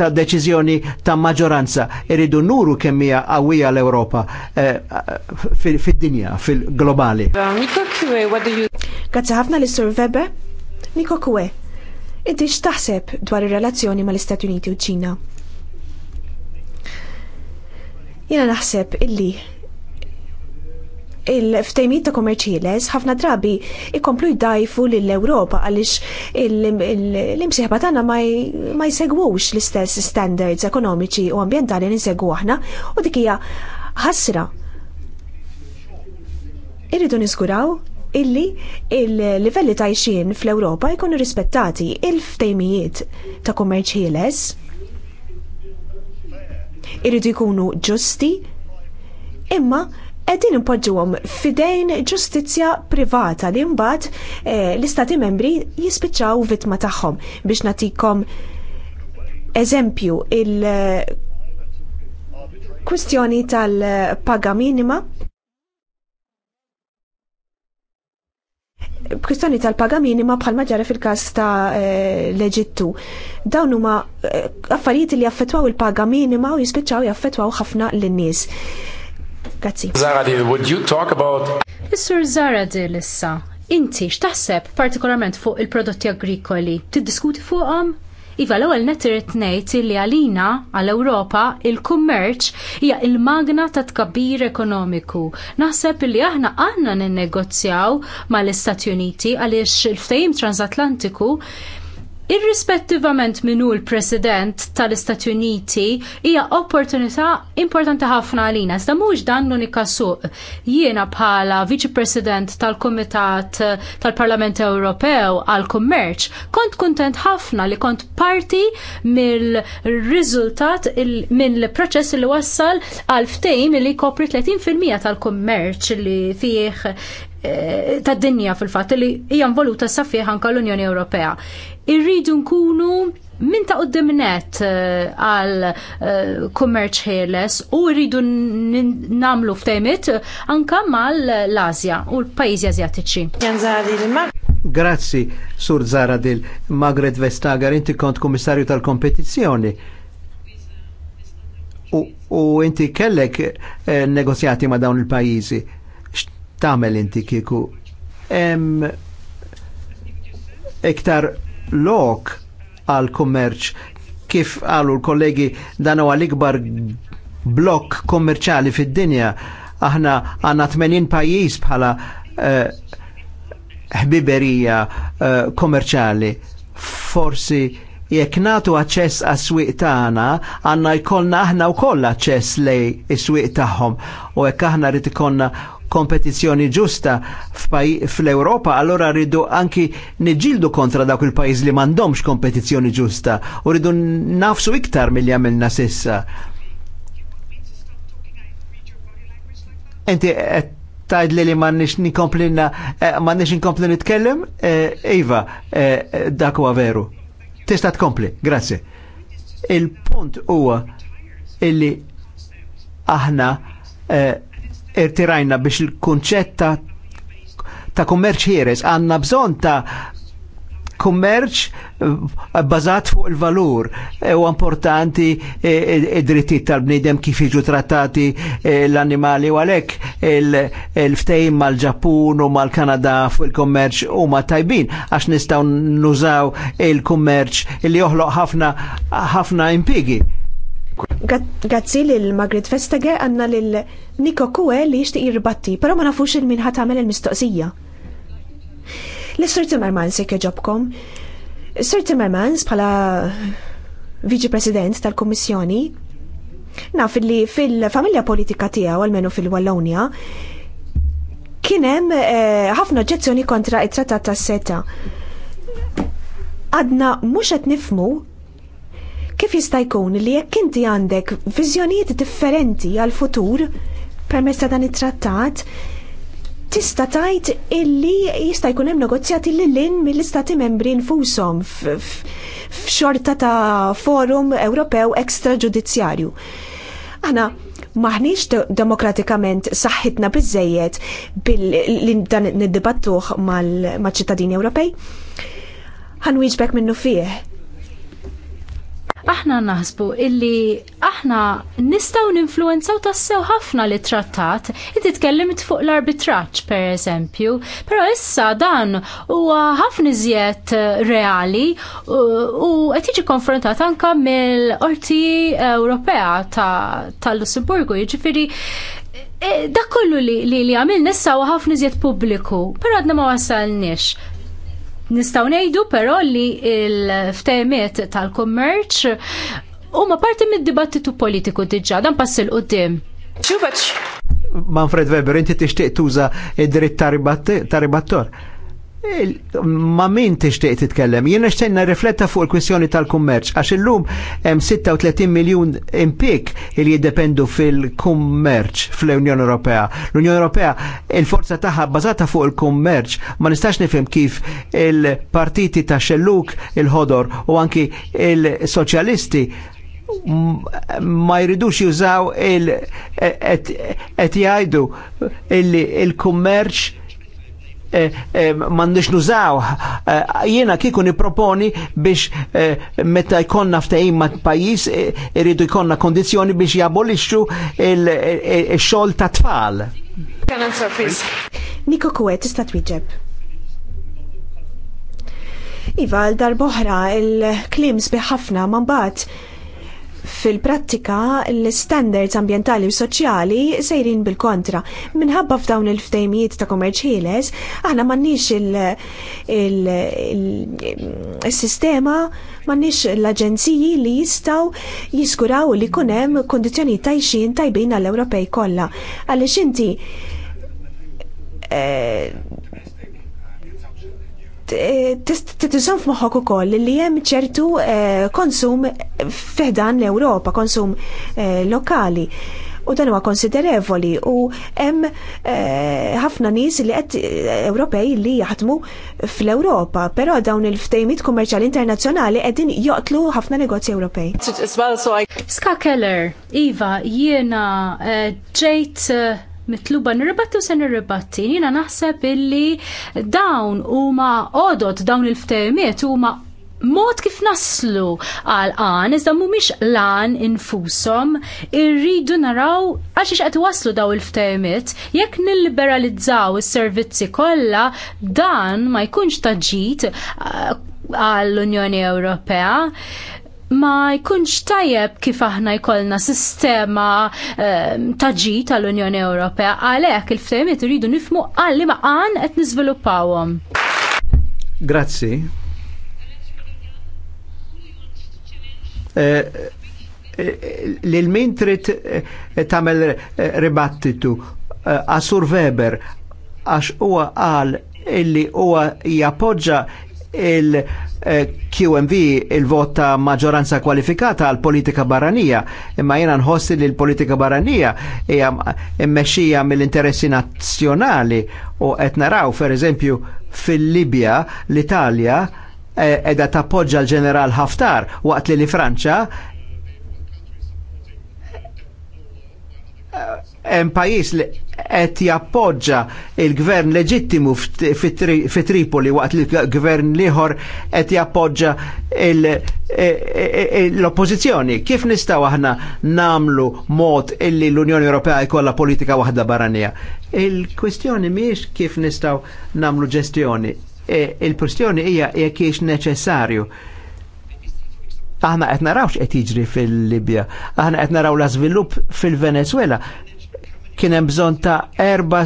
Speaker 2: ta deċiżjoni ta' maġġoranza. Irridu nuru kemm hija qawwija l europa e, fid-dinja, fil-globali.
Speaker 3: Grazzi ħafna li Sur Weber. Niko Kwe, inti x'taħseb dwar ir-relazzjoni mal-Istati Uniti u ċina? Jena naħseb illi il ftejmijiet ta' komerċiles ħafna drabi ikomplu jdajfu lill-Ewropa għaliex l-imsieħba tagħna ma jsegwux l-istess standards ekonomiċi u ambjentali li nsegwu aħna u dik hija ħasra. Irridu niżguraw illi il-livelli ta' jxin fl-Ewropa jkunu rispettati il-ftejmijiet ta' komerċiles irridu jkunu ġusti, imma qegħdin impoġġuhom fidejn ġustizzja privata li mbagħad eh, l-istati membri jispiċċaw vittma tagħhom biex natikom eżempju il- eh, kwistjoni tal-paga minima kwistjoni tal-paga minima bħalma ġara fil-kas ta' eh, Leġittu. eġittu Dawn huma eh, affarijiet li jaffetwaw il-paga minima
Speaker 1: u jispiċċaw jaffetwaw ħafna lin-nies. Grazzi. Zaradil, would you talk about? Is-sur Zaradil issa, inti x'taħseb partikolarment fuq il-prodotti agrikoli, tiddiskuti fuqhom? Iva l-ewwel nettirid ngħid li għalina għall-Ewropa il-kummerċ hija il-magna ta' tkabbir ekonomiku. Naħseb li aħna għandna ninnegozjaw mal-Istati Uniti għaliex il-ftehim transatlantiku Irrispettivament minnu l-President tal-Istati Uniti hija opportunità importanti ħafna għalina. Iżda mhux dan l-unika suq. Jiena bħala Viċi President tal-Kumitat tal-Parlament Ewropew għall kummerċ kont kuntent ħafna li kont parti mill-riżultat mill-proċess li wassal għal ftehim li kopri 30% tal-kummerċ li fih eh, tad dinja fil fatt li hija involuta saffieħ anke l-Unjoni Ewropea irridu nkunu minn ta' qoddim net eh, għal eh, kummerċ ħeles u rridu namlu f'temit eh, anka mal-Azja l u l-pajjiżi Azjatiċi.
Speaker 2: Grazzi, Sur Zara Dil, Magret Vestager, inti kont komissarju tal-kompetizzjoni. U, inti kellek negozjati ma' dawn il-pajjiżi. X'tagħmel inti kieku? Iktar lok għal kummerċ kif għalu l-kollegi dan huwa l-ikbar blok kommerċali fid-dinja. Aħna għandna 80 pajjiż bħala eh, ħbiberija uh, eh, kommerċali. Forsi jekk natu aċċess għas swieq tagħna, għandna jkollna aħna wkoll aċċess lej is-swieq tagħhom. U jekk aħna rrid ikollna kompetizzjoni ġusta fl-Europa, allora rridu anki neġildu kontra dak il-pajjiż li mandomx kompetizzjoni ġusta u rridu nafsu iktar mill-li għamilna sissa. Enti tajd li li mannix nikomplina, eh, mannix nikomplina nitkellem, eh, Iva, eh, dak u veru. Tista' tkompli, grazie. Il-punt huwa illi aħna eh, irtirajna biex il-kunċetta ta' kummerċ ħieres għanna bżon ta' kummerċ eh, bazat fuq il-valur eh, u importanti eh, id-drittijiet tal-bnidem kif jiġu trattati l-annimali u għalek il-ftejn mal-ġappun u mal-Kanada fuq il-kummerċ u ma tajbin għax nistaw nużaw il-kummerċ li joħloq ħafna ħafna impigi
Speaker 3: Gazzi lil Margaret Vestager għanna lil Niko Kue li jixtieq jirbatti, però ma nafux il min ħatamel il-mistoqsija. L-Sir Timmermans jek joġobkom. Sir Timmermans bħala Viċi President tal-Kummissjoni naf li fil-familja politika tiegħu għalmenu fil-Wallonja kienem eh, ħafna oġġezzjoni kontra it-Trattat tas-Seta. Għadna mhux qed nifmu Kif jista' jkun li jekk inti għandek viżjonijiet differenti għal futur permezz ta' dan it-trattat, tista' tajt illi jista' jkun hemm negozjati lil lin mill-istati membri nfushom f'xorta ta' forum Ewropew ekstraġudizzjarju. Aħna maħniċ demokratikament saħħitna bizzejiet bil dan nid-dibattuħ mal-ċittadini Ewropej?
Speaker 1: Għanwiġbek minnu fieħ aħna naħsbu illi aħna nistaw ninfluenzaw tassew ħafna li trattat id tkellimt fuq l-arbitraċ per eżempju, pero issa dan huwa ħafna iżjed eh, reali u qed jiġi konfrontat anka mill-Qorti Ewropea tal-Lussemburgu, ta jiġifieri eh, dak kollu li li għamil nissa u ħafna iżjed pubbliku, pero għadna ma wasalniex. Nistaw nejdu però li il-ftemiet tal-kommerċ huma parti mid-dibattitu politiku diġà dan pass il qoddim
Speaker 2: Manfred Weber, inti tixtieq tuża id-dritt ta' ribattor. Ma min tixtieq titkellem, jiena xtejn rifletta fuq il kwissjoni tal-kummerċ, għax illum hemm 36 miljun impik il jiddependu fil-kummerċ fl-Unjoni Ewropea. L-Unjoni Ewropea il-forza tagħha bbażata fuq il-kummerċ, ma nistax nifhem kif il-partiti ta' xelluk, il-ħodor u anki il-soċjalisti ma jridux jużaw il-qed jgħidu il-kummerċ il Eh, eh, m'għandux nużaw. Eh, jiena kieku niproponi biex meta jkollna ftehim ma' pajjiż iridu jkollna kondizzjoni biex jabolixxu il-xogħol ta' tfal. Niko Kuwet, tista' twieġeb. Iva,
Speaker 3: l-darboħra, il-klims biħafna man bat Fil-prattika, l-standards ambientali u soċjali sejrin bil-kontra. Minħabba f'dawn il-ftejmijiet ta' kommerċ ħieles, aħna mannix il-sistema, mannix l-aġenziji li jistaw jiskuraw li kunem kondizjoni tajxin tajbin għall-Ewropej kollha. Għaliex inti eh, titiżom f'moħħok ukoll li hemm ċertu eh, konsum fiħdan l-Ewropa, konsum eh, lokali. U dan huwa konsiderevoli u hemm eh, ħafna nies li qed Ewropej li jaħdmu fl-Ewropa, però dawn il-ftejmit kummerċjali internazzjonali qegħdin joqtlu ħafna negozji Ewropej.
Speaker 1: Ska Keller, Iva, jiena ġejt mitluba nirribatti u se nirribatti. Jiena naħseb illi dawn huma odot dawn il-ftehmiet huma mod kif naslu għal għan, iżda mumiex lan infusom, irridu naraw għax qed waslu daw il-ftehmiet, jekk nilliberalizzaw is-servizzi kollha, dan ma jkunx taġġid uh, għall-Unjoni Ewropea ma jkunx tajjeb kif aħna jkollna sistema ehm, ta' taġi tal-Unjoni Ewropea għalhekk il-ftehimiet iridu nifmu għalli qan qed niżviluppawhom.
Speaker 2: Grazzi. Eh, eh, lil min trid eh, tagħmel ribattitu għasur Weber għax huwa qal illi huwa jappoġġa il-QMV il-vot ta' maġoranza kwalifikata għal politika barranija, imma jena nħossi li l-politika barranija hija mmexxija mill-interessi nazzjonali u qed naraw, per eżempju, fil-Libja l-Italja e, edha tappoġġa l-ġeneral Haftar waqt li l-Franċa e, hemm pajjiż li qed jappoġġa il-gvern leġittimu fi tripoli waqt li l-gvern liħor qed jappoġġa e, e, e, l-oppożizzjoni. Kif nistgħu aħna namlu mod illi l-Unjoni Ewropea jkollha politika waħda barranija? Il-kwestjoni mhijiex kif nistgħu namlu ġestjoni. Il-kwestjoni hija jekk hiex neċessarju aħna qed narawx qed jiġri fil-Libja, aħna qed naraw l-iżvilupp fil-Venezuela, kien hemm bżonn ta' erba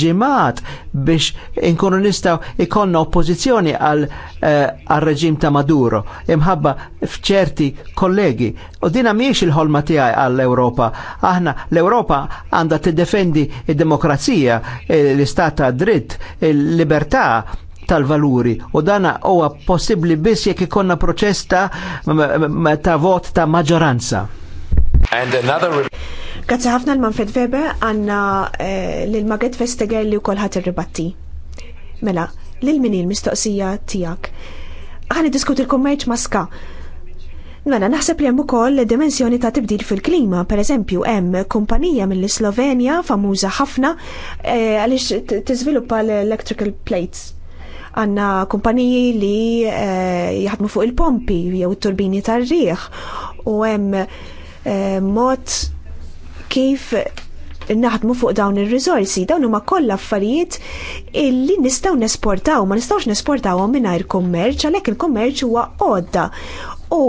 Speaker 2: ġimgħat biex inkunu nistgħu ikollna oppożizzjoni għal eh, għal reġim ta' Maduro imħabba fċerti kollegi u dina miex il-ħolma tiegħi għall-Ewropa. Aħna l-Ewropa għandha tiddefendi id-demokrazija, l-istat ta' dritt, il-libertà tal-valuri u dana huwa possibbli biss jekk ikonna proċess ta' ta' vot ta' maġġoranza.
Speaker 3: Grazie ħafna l-Manfred Weber għanna eh, l-Maget Vestager li u kolħat il-ribatti. Mela, l min il mistoqsija tijak. Għani diskuti l-kommerċ maska. Mela, naħseb li hemm ukoll dimensjoni ta' tibdil fil-klima, per eżempju, hemm kumpanija mill-Slovenja famuża ħafna eh, għaliex tiżviluppa l-electrical plates. Għanna kumpaniji li eh, jaħdmu fuq il-pompi jew it-turbini tar-riħ u hemm mod kif naħdmu fuq dawn ir rizorsi dawn huma kollha affarijiet illi nistgħu nesportaw, ma nistgħux nesportawhom mingħajr kummerċ għalhekk il-kummerċ huwa għodda. U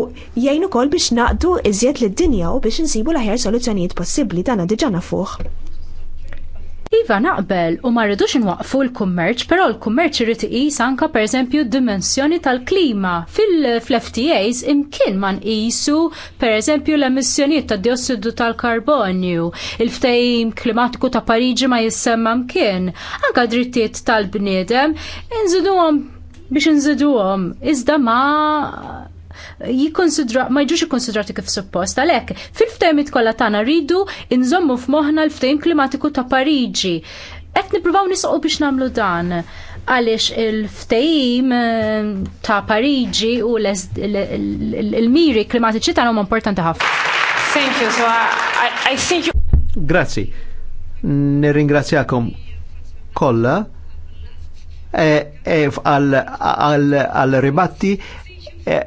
Speaker 3: jgħin ukoll biex naqdu iżjed lid-dinja u biex insibu l-aħjar
Speaker 1: soluzzjonijiet possibbli dan diġà nafuh. Iva naqbel u ma rridux nwaqfu l-kummerċ, però l-kummerċ irid iqis anke pereżempju d-dimensjoni tal-klima. Fil-FTAs imkien ma nqisu pereżempju l-emissjonijiet ta' diossidu tal-karbonju, il-ftehim klimatiku ta' Pariġi ma jissemma mkien, anke drittijiet tal-bniedem inżiduhom biex inżiduhom iżda ma jikonsidra, ma jiġux ikkonsidrati kif suppost. Għalhekk, fil-ftehmit kollha tagħna rridu inżommu f'moħħna l-ftehim klimatiku ta' Pariġi. Qed nippruvaw nisqu biex nagħmlu dan għaliex il-ftehim eh, ta' Pariġi u l-miri klimatiċi tagħna huma importanti ħafna. Thank you. So uh, I, I think you...
Speaker 2: Grazzi. Nirringrazzjakom kollha e, e, ribatti e,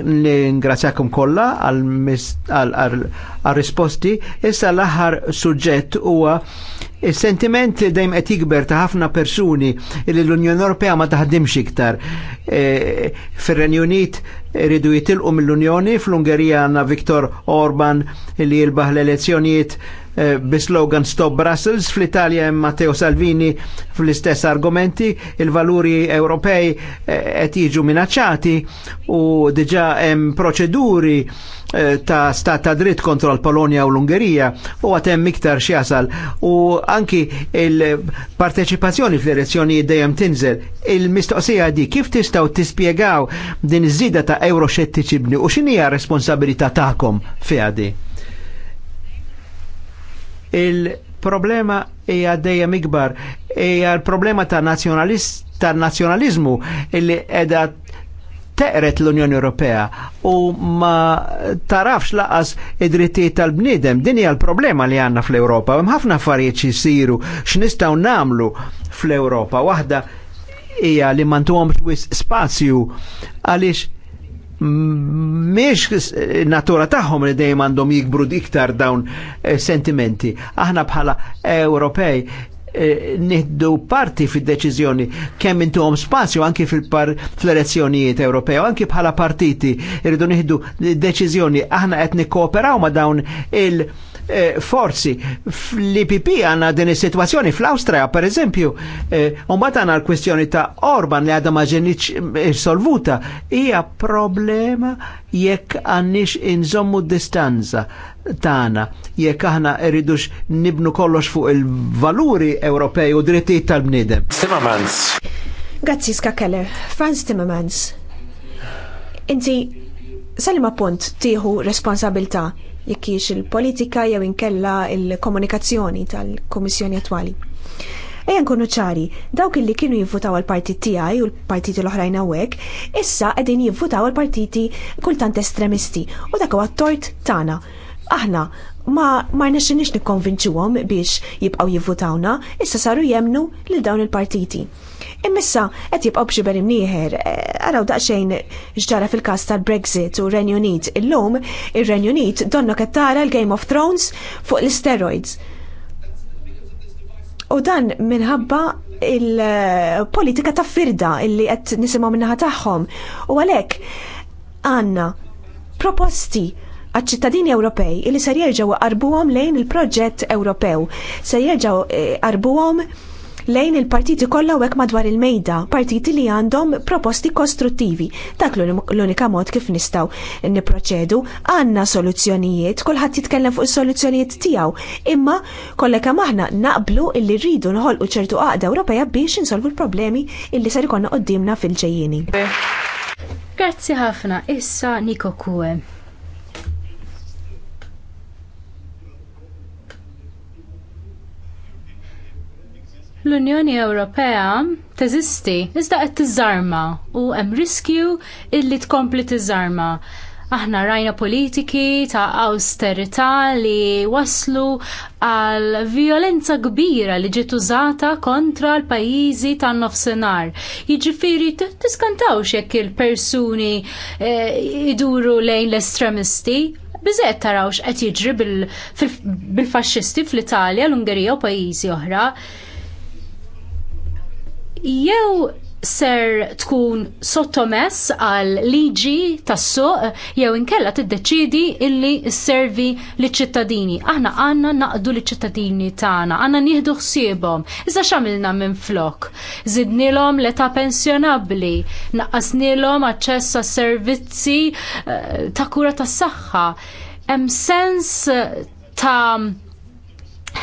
Speaker 2: Ningrazzjakom kollha għal risposti. Issa l-aħħar suġġett huwa is-sentiment li dejjem qed jikber ta' ħafna persuni li l-Unjoni Ewropea ma taħdimx iktar. E, Fir-Renju Unit iridu jitilqu mill-Unjoni, fl-Ungerija għandna Viktor Orban li jilbaħ l-elezzjonijiet Eh, bislogan slogan Stop Brussels, fl-Italja hemm Matteo Salvini fl-istess argumenti, il-valuri Ewropej eh, qed jiġu minaċċati u diġà hemm proċeduri eh, ta' stat ta' dritt kontra l-Polonja u l-Ungerija u għatem miktar xjasal u anki il-parteċipazzjoni fl-elezzjoni dejjem tinżel. Il-mistoqsija di kif tistaw tispiegaw din iż-żida ta' euroxettiċibni u x'inija responsabilità tagħkom fi għadi? Il-problema hija dejjem ikbar, hija l-problema ta' nazjonalist ta' nazjonalizmu illi qiegħda teqret l-Unjoni Ewropea u ma tarafx laqas id-drittijiet tal-bniedem. Din hija l-problema li għandna fl-Ewropa. Hemm ħafna affarijiet jsiru, x'nistgħu nagħmlu fl-Ewropa. Waħda hija li m'għandhomx wis spazju għaliex miex natura tagħhom li dejjem għandhom jikbru iktar dawn eh, sentimenti. Aħna bħala Ewropej eh, niħdu parti fid deċiżjoni kemm intuhom spazju anki fil-elezzjonijiet Ewropej, anki bħala partiti irridu nieħdu deċiżjoni aħna qed nikkooperaw ma' dawn il- eh, forzi. Fl-IPP għanna din situazzjoni fl austria per eżempju, eh, umbat għanna l-kwestjoni ta' Orban li għadha ma solvuta, hija problema jekk għannix inżommu distanza tana jekk aħna rridux nibnu kollox fuq il-valuri Ewropej u drittijiet tal-bniedem. Timmermans.
Speaker 3: Grazzi Ska Keller, Franz Timmermans. Inti, salim appunt tieħu responsabilta' jekk il-politika jew inkella il-komunikazzjoni tal-Kummissjoni attwali. Ejja kunu ċari, dawk li kienu jivvutaw għal-partit tiegħi u l-partiti l-oħrajn hawnhekk, issa qegħdin jivvutaw għal-partiti kultant estremisti u dak huwa tort tagħna. Aħna ma marna xinix nikkonvinċuhom biex jibqgħu jivvutawna, issa saru jemnu lil dawn il-partiti. Immissa, qed jibqgħu bċi berim nieħer, eh, araw daqsxejn x'ġara fil-każ tal-Brexit u Renju Unit illum, ir-Renju Unit donna qed tara l-Game of Thrones fuq l-steroids. U dan minħabba il-politika ta' firda illi qed nisimgħu minnaħa tagħhom. U għalhekk għandna proposti għal-ċittadini Ewropej illi ser jerġgħu qarbuhom lejn il-proġett Ewropew, ser jerġgħu eh, qarbuhom eh, lejn il-partiti kollha hekk madwar il-mejda, partiti li għandhom proposti kostruttivi. Dak l-unika mod kif nistgħu nipproċedu għandna soluzzjonijiet, kulħadd jitkellem fuq is-soluzzjonijiet tiegħu, imma kollega maħna aħna naqblu illi rridu nħolqu ċertu qaqda Ewropea biex insolvu l-problemi illi sar ikonna qudiemna fil-ġejjieni.
Speaker 1: Grazzi ħafna, issa Niko Kue. L-Unjoni Ewropea teżisti iżda qed tiżarma u hemm riskju illi tkompli tiżarma. Aħna rajna politiki ta' austerità li waslu għal violenza kbira li ġiet użata kontra l-pajjiżi tan nofsinhar. Jiġifieri tiskantawx jekk il-persuni eh, iduru lejn l-estremisti, biżet tarawx qed jiġri bil-faxxisti fl-Italja, l-Ungerija u pajjiżi oħra jew ser tkun sottomess għal liġi tas-suq jew inkella tiddeċidi illi servi liċ ċittadini Aħna għandna naqdu liċ ċittadini tagħna, għanna nieħdu ħsiebhom. Iżda x'għamilna minn flok? Zidnilhom l-età pensjonabbli, naqqasnilhom aċċess għas servizzi eh, ta' kura tas-saħħa. Hemm sens ta'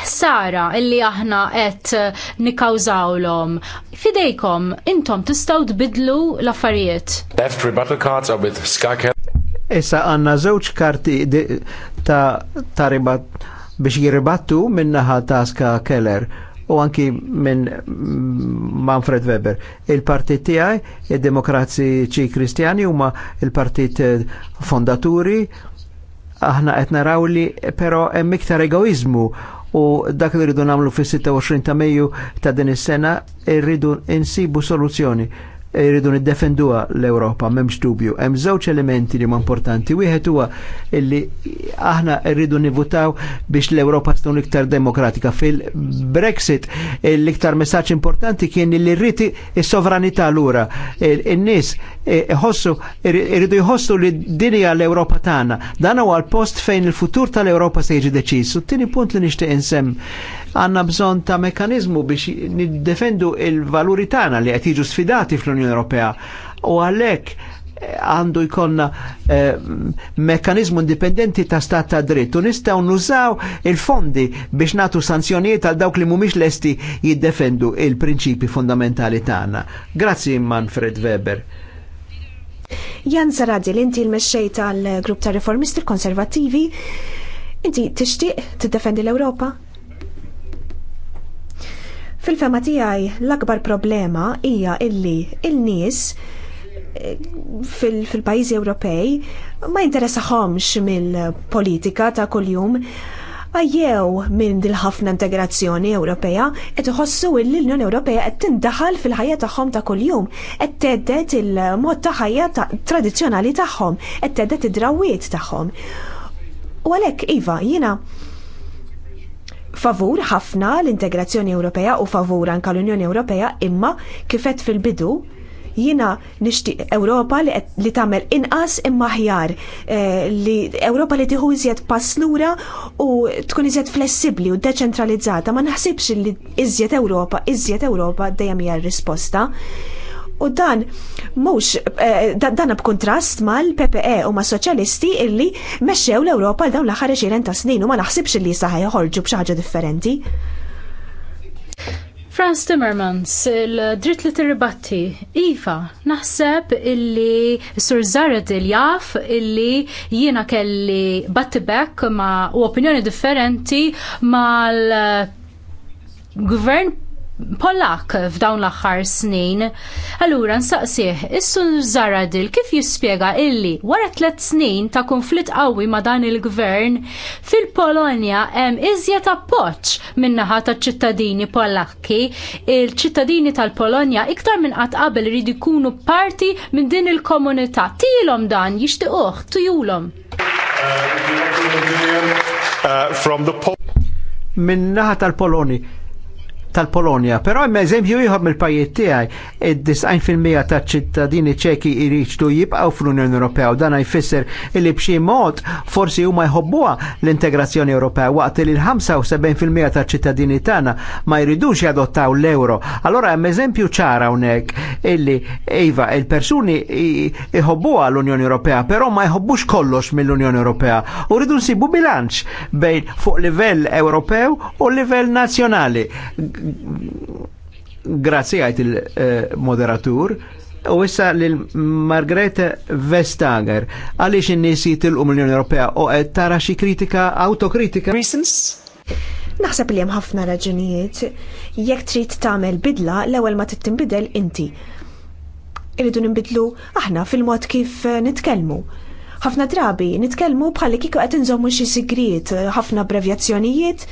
Speaker 1: Sara illi aħna qed nikkawżawlhom. Fidejkom intom tistgħu tbidlu l-affarijiet. Left rebuttal cards are with Skycat.
Speaker 2: Issa għandna żewġ karti ta', ta ribat biex jiribattu minnaħa ta' Ska Keller u anki minn Manfred Weber. Il-partit tiegħi, id demokraziċi Kristjani huma il-partit fondaturi, aħna qed naraw li però hemm iktar egoizmu u dak li rridu namlu fis-26 ta' Mejju ta' din is-sena rridu insibu soluzzjoni irridu niddefenduha l-Ewropa m'hemmx dubju. Hemm żewġ elementi li huma importanti. Wieħed huwa li aħna rridu nivutaw biex l-Ewropa tkun iktar demokratika. Fil-Brexit l-iktar messaġġ importanti kien li rriti is-sovranità lura. In-nies eh, ħossu irridu jħossu li din hija l-Ewropa tagħna. Dan huwa l-post fejn il-futur tal-Ewropa se jiġi deċiż. Tieni punt li nixtieq insemm għanna bżon ta' mekanizmu biex niddefendu il-valuri tagħna li qed jiġu sfidati fl-Unjoni Ewropea. U għalhekk eh, għandu jkonna eh, mekanizmu indipendenti ta' stat ta' dritt u nistgħu nużaw il-fondi biex natu sanzjonijiet għal dawk li mhumiex lesti jiddefendu il-prinċipi fundamentali tagħna. Grazzi Manfred Weber.
Speaker 3: Jan Zaradzi, inti l-mesċej tal-grupp ta' reformisti konservativi, inti tixtieq tiddefendi l-Ewropa? Fil-fema tiegħi l-akbar problema hija illi il-nies eh, fil-pajjiżi Ewropej ma jinteressaħomx mill-politika ta' kuljum għajjew minn dil-ħafna integrazzjoni Ewropea qed iħossu li l-Unjoni Ewropea qed tindaħal fil-ħajja tagħhom ta' kuljum, qed teddet il-mod ta' ħajja tradizzjonali tagħhom, qed teddet id-drawiet tagħhom. U għalhekk iva, jiena favur ħafna l-integrazzjoni Ewropea u favur anka l-Unjoni Ewropea imma kifet fil-bidu jina nishti Ewropa li, li tagħmel inqas imma ħjar eh, li Ewropa li tieħu iżjed paslura u tkun iżjed flessibbli u deċentralizzata ma naħsibx li iżjed Ewropa, iżjed Ewropa dejjem hija r-risposta. U dan mhux eh, dan b'kuntrast mal-PPE u ma' soċjalisti illi mexxew l-Ewropa l dawn l-aħħar 20 ta'
Speaker 1: snin u ma naħsibx illi saħħa ħolġu b'xi
Speaker 3: ħaġa differenti.
Speaker 1: Franz Timmermans, il-dritt li tirribatti, Iva, naħseb illi Sur Zared il-jaf illi jiena kelli battibek ma' u opinjoni differenti mal-gvern Pollak f'dawn l-aħħar snin. Allura nsaqsih, issu Zaradil kif jispjega illi wara tliet snin ta' konflitt qawwi ma' dan il-gvern fil-Polonja hemm iżjed appoġġ min-naħa taċ ċittadini Pollakki, il-ċittadini tal-Polonja iktar minn qatt qabel irid ikunu parti minn din il-komunità. Tilhom dan jixtiequh, tujulhom.
Speaker 2: Uh, min-naħa tal-Poloni, tal-Polonja. Però hemm eżempju jħob mill pajiet tiegħi, id-90% taċ-ċittadini ċeki jridu jibqgħu fl-Unjoni Ewropea u dan jfisser li b'xi mod forsi huma jħobbuha l-integrazzjoni Ewropea waqt li l-75% taċ-ċittadini tagħna ma jridux jadottaw l-euro. Allora hemm eżempju ċara hawnhekk illi iva il-persuni jħobbuha l-Unjoni Ewropea, però ma jħobbux kollox mill-Unjoni Ewropea. U rridu nsibu bilanċ bejn fuq livell Ewropew u livell nazzjonali Grazzi għajt il-moderatur. U issa lil Margrethe Vestager, għaliex in-nies jitilqu l unjoni Ewropea u qed tara xi kritika autokritika. Reasons?
Speaker 3: Naħseb li hemm ħafna raġunijiet. Jekk trid tagħmel bidla, l-ewwel ma trid tinbidel inti. Irridu nbidlu aħna fil-mod kif nitkellmu. Ħafna drabi nitkellmu bħalli kieku qed inżommu xi sigrijiet, ħafna abbrevjazzjonijiet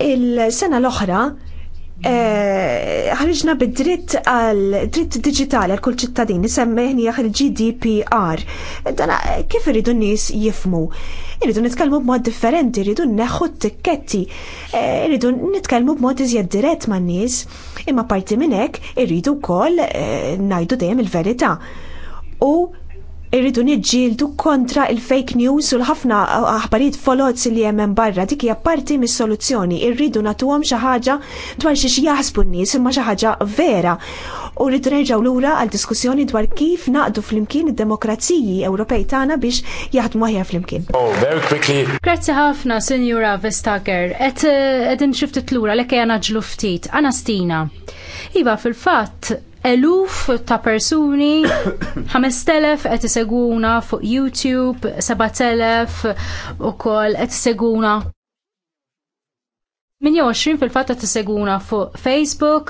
Speaker 3: Il-sena l-oħra eh, ħarġna bid-dritt għal dritt digitali għal kull ċittadin, semmeħni għal GDPR. Dana kif irridu n-nis jifmu? Irridu nitkellmu b'mod differenti, rridu neħu t-tikketti, eh, irridu nitkellmu b'mod iżjed dirett ma' n-nis, imma parti minnek irridu kol eh, najdu dejjem il-verita. U irridu niġġieldu kontra il-fake news u l-ħafna aħbarijiet folots li hemm hemm barra dik hija parti mis-soluzzjoni. Irridu nagħtuhom xi ħaġa dwar xi jaħsbu n-nies imma xi ħaġa vera. U rridu nerġgħu lura għal diskussjoni dwar kif naqdu
Speaker 1: flimkien id-demokraziji Ewropej tagħna biex jaħdmu aħjar flimkien. Oh, very quickly. Grazzi ħafna, Sinjura Vestager. Qed qegħdin eh, xiftit lura lekk ejja naġlu ftit. Anastina. Iva fil-fatt eluf ta' persuni, 5000 qed iseguna fuq YouTube, 7000 ukoll qed iseguna Min 28 fil-fatta t-seguna fuq Facebook,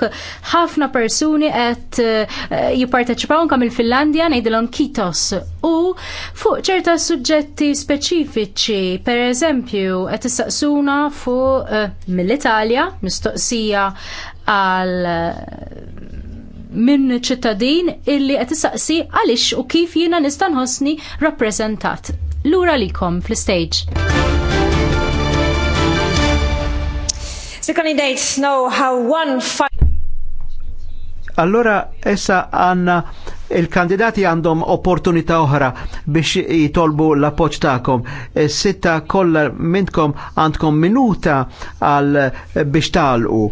Speaker 1: ħafna persuni għet eh, jipparteċipaw nkam il finlandia nejdilom kitos u fuq ċerta suġġetti speċifiċi, per eżempju, għet t-saqsuna fuq eh, mill-Italja, mistoqsija għal eh, minn ċittadin illi qed issaqsi għaliex u kif jiena nista' nħossni rappreżentat. Lura likom fl-istage. The candidates know how one
Speaker 2: Allora essa għanna il-kandidati għandhom opportunità oħra biex jitolbu l-appoċ ta'kom. E sitta kollha minnkom għandkom minuta għal biex talqu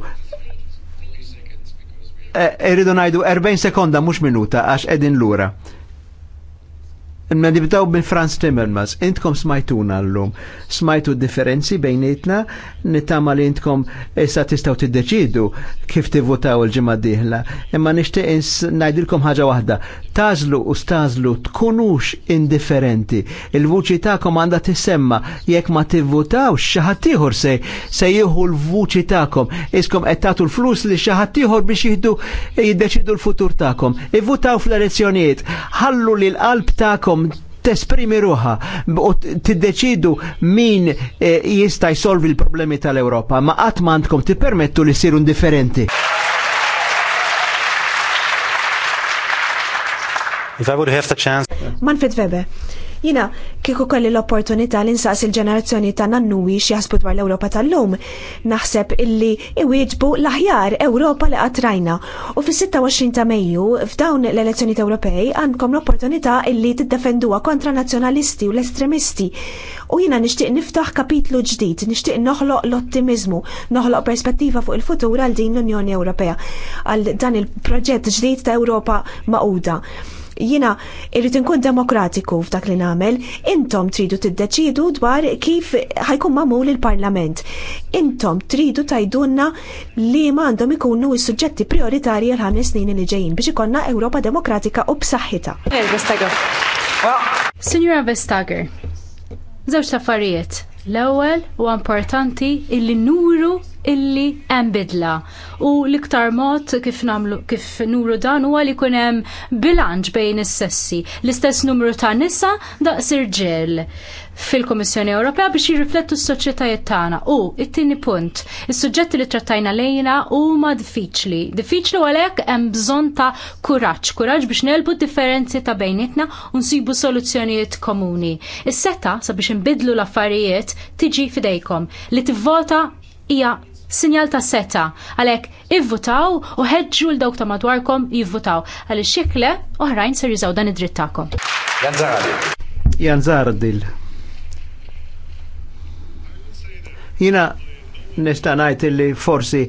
Speaker 2: Eh, eh, irridu najdu 40 sekonda mux minuta għax edin l-ura. Ma nibdaw minn Franz Timmermans, intkom smajtuna l-lum, smajtu differenzi bejnietna, nittama li intkom issa e, tistaw tiddeċidu kif tivvutaw il-ġimma diħla, imma nishtiq najdilkom ħaġa wahda, tażlu u stażlu tkunux indifferenti, il-vuċi ta'kom għanda tisemma, jekk ma tivvotawx xaħatiħor se, se jieħu l-vuċi ta'kom, iskom ettatu l-flus li xaħatiħor biex jihdu jiddeċidu l-futur ta'kom, Ivvutaw fl-elezzjoniet, ħallu li l-qalb ta'kom għandkom tesprimi ruħa u tiddeċidu min eh, jista' jsolvi l-problemi tal-Ewropa, ma qatt m'għandkom tippermettu li siru indifferenti. If I would have the chance.
Speaker 3: Manfred Weber, Jina, kieku kolli l-opportunità li nsaqs il-ġenerazzjoni ta' nannuwi xjaħsbu dwar l-Ewropa tal-lum, naħseb illi iwieġbu l-aħjar Ewropa li qatrajna. U fis-26 ta' Mejju, f'dawn l-elezzjoni Ewropej, għandkom l-opportunità illi tiddefenduha kontra nazzjonalisti u l-estremisti. U jina nixtieq niftaħ kapitlu ġdid, nixtieq noħloq l-ottimizmu, noħloq perspettiva fuq il-futur għal din l-Unjoni Ewropea, għal dan il-proġett ġdid ta' Ewropa maquda. Jina irrid inkun demokratiku f'dak li nagħmel, intom tridu tiddeċidu dwar kif ħajkun magħmul il-Parlament. Intom tridu tajdunna li m'għandhom ikunu s-suġġetti prioritarji għal ħames snin li ġejjin biex ikonna Ewropa demokratika u b'saħħitha.
Speaker 1: Signora Vestager, żewġ affarijiet. L-ewwel huwa importanti il-li nuru illi hemm bidla. U l-iktar mod kif namlu kif nuru dan huwa li jkun hemm bilanċ bejn is-sessi, l-istess numru ta' nisa daqs irġiel fil-Komissjoni Ewropea biex jirriflettu s-soċjetajiet tagħna. U it-tieni punt, is-suġġetti li trattajna lejna huma diffiċli. Diffiċli għalhekk hemm bżonn ta' kuraġġ, kuraġġ biex nelbu differenzi ta' bejnietna u nsibu soluzzjonijiet komuni. Is-seta sabiex inbidlu l-affarijiet tiġi fidejkom li tivvota hija sinjal ta' seta għalhekk ivvutaw u ħeġġu l dawk ta' madwarkom jivvutaw għaliex xikle oħrajn ser jużaw dan id-dritt
Speaker 2: tagħkom. Janżar dil. Jina nista' ngħid li forsi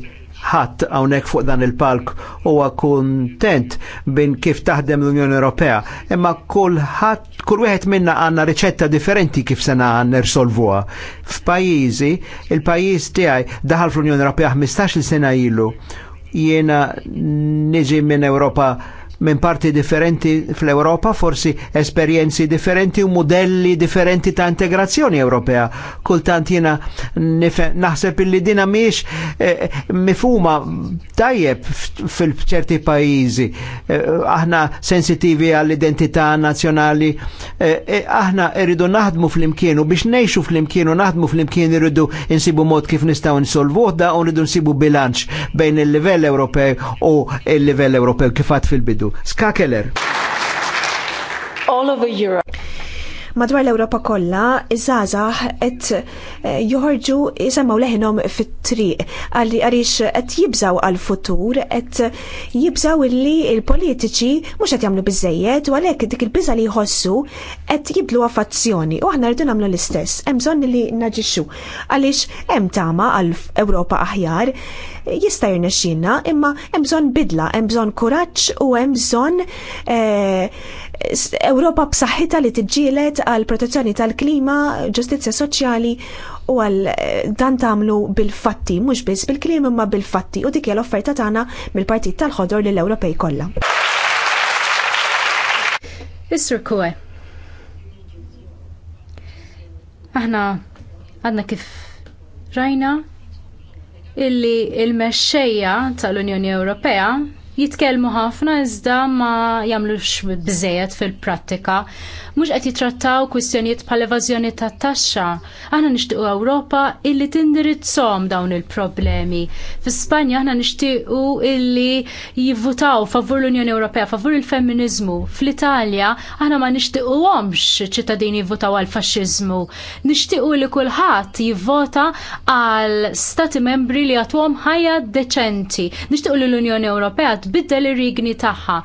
Speaker 2: ħadd hawnhekk fuq dan il-palk huwa kuntent bin kif taħdem l-Unjoni Ewropea, imma kulħadd kull wieħed minna għandna riċetta differenti kif se nirsolvuha. F'pajjiżi, il-pajjiż tiegħi daħal fl-Unjoni Ewropea 15-il sena ilu jiena niġi minn Ewropa minn parti differenti fl-Europa, forsi esperjenzi differenti u modelli differenti ta' integrazzjoni Ewropea. Kultant jina naħseb illi dina miex eh, eh, mifuma tajjeb fil-ċerti pajizi. Eh, aħna sensitivi għall-identità nazjonali, aħna irridu naħdmu fl-imkienu, biex nejxu fl-imkienu, naħdmu fl-imkienu irridu insibu mod kif nistaw nsolvu da u nridu nsibu bilanċ bejn il-livell Ewropej u il-livell kif kifat fil-bidu. Ska Keller.
Speaker 3: All over Europe madwar l-Ewropa kolla, iż-żgħażagħ qed eh, joħorġu jisemgħu leħinhom fit-triq għaliex qed jibżaw għall-futur, qed jibżaw illi l-politiċi mhux qed jagħmlu biżejjed u għalhekk dik il-biża li jħossu qed jiblu affazzjoni u aħna rridu nagħmlu l-istess. Hemm bżonn li naġixxu għaliex hemm tama għall-Ewropa aħjar jista' jirnexxinna imma hemm bżonn bidla, hemm bżonn kuraġġ u hemm bżonn eh, Ewropa b'saħħitha li tiġġieled għal protezzjoni tal-klima, ġustizzja soċjali u għal eh, dan tagħmlu bil-fatti, mhux biss bil-kliem imma bil-fatti u dik hija l-offerta tagħna mill-Partit tal-Ħodor lill ewropej kollha.
Speaker 1: Is-Sur Kue. Aħna għadna kif rajna illi il-mexxejja tal-Unjoni Ewropea jitkellmu ħafna iżda ma jagħmlux biżejjed fil-prattika. Mhux qed jitrattaw kwistjonijiet bħal evażjoni tat-taxxa. Aħna nixtiequ Ewropa illi tindirizzhom dawn il-problemi. Fi Spanja aħna nixtiequ illi jivvutaw favur l-Unjoni Ewropea, favur il-femminizmu. Fl-Italja aħna ma nixtiequhomx ċittadini jivvutaw għal-faxxiżmu. Nixtiequ li kulħadd jivvota għal stati membri li għatuhom ħajja deċenti. Nixtiequ li l-Unjoni Ewropea tbiddel ir-rigni tagħha.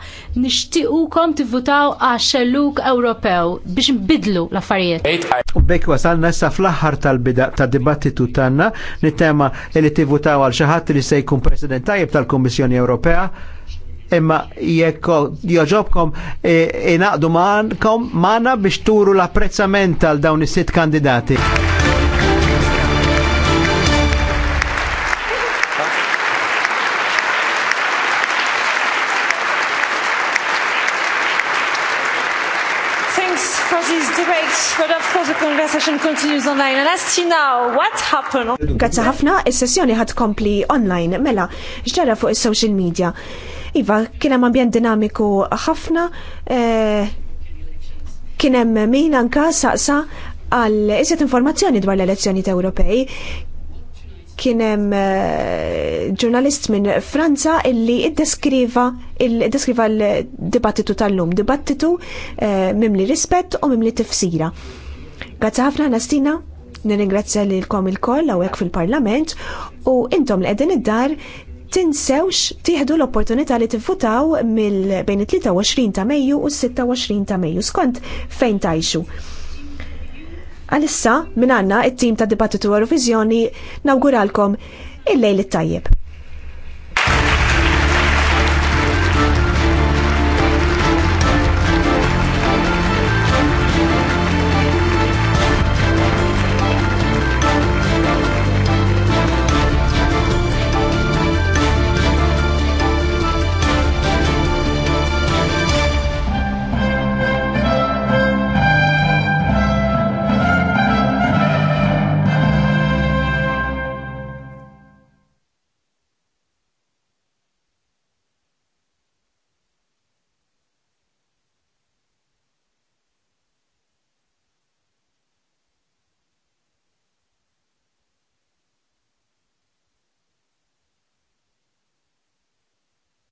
Speaker 1: Nixtiequkom tivvutaw għax-xelluk Ewropew biex nbidlu l-affarijiet.
Speaker 2: U bekk wasalna issa fl-aħħar tal-bida tad-dibattitu tagħna nittema li tivvutaw għal xi ħadd li se jkun President tajjeb tal-Kummissjoni Ewropea imma jekk joġobkom inaqdu e, e, maħankom maħna biex turu l-apprezzament tal dawn is-sitt kandidati.
Speaker 3: session continues online. And as to now, what happened? Grazzi ħafna, is-sessjoni ħad kompli online, mela, ġara fuq is-social media. Iva, kien hemm ambjent dinamiku ħafna, eh, kien hemm min anka saqsa għal iżjed informazzjoni dwar l-elezzjoni Ewropej kienem eh, ġurnalist minn Franza illi iddeskriva deskriva l-dibattitu tal-lum, dibattitu eh, mimli rispett u mimli tifsira. Grazzi ħafna Nastina, nirringrazzja lilkom il-koll hawnhekk fil-Parlament u intom li qegħdin id-dar tinsewx tieħdu l-opportunità li tifutaw mill bejn it-23 ta' Mejju u s-26 ta' Mejju skont fejn tajxu. Għalissa minn għandna it-tim ta' Dibattitu Eurovisioni, nawguralkom il-lejl it-tajjeb.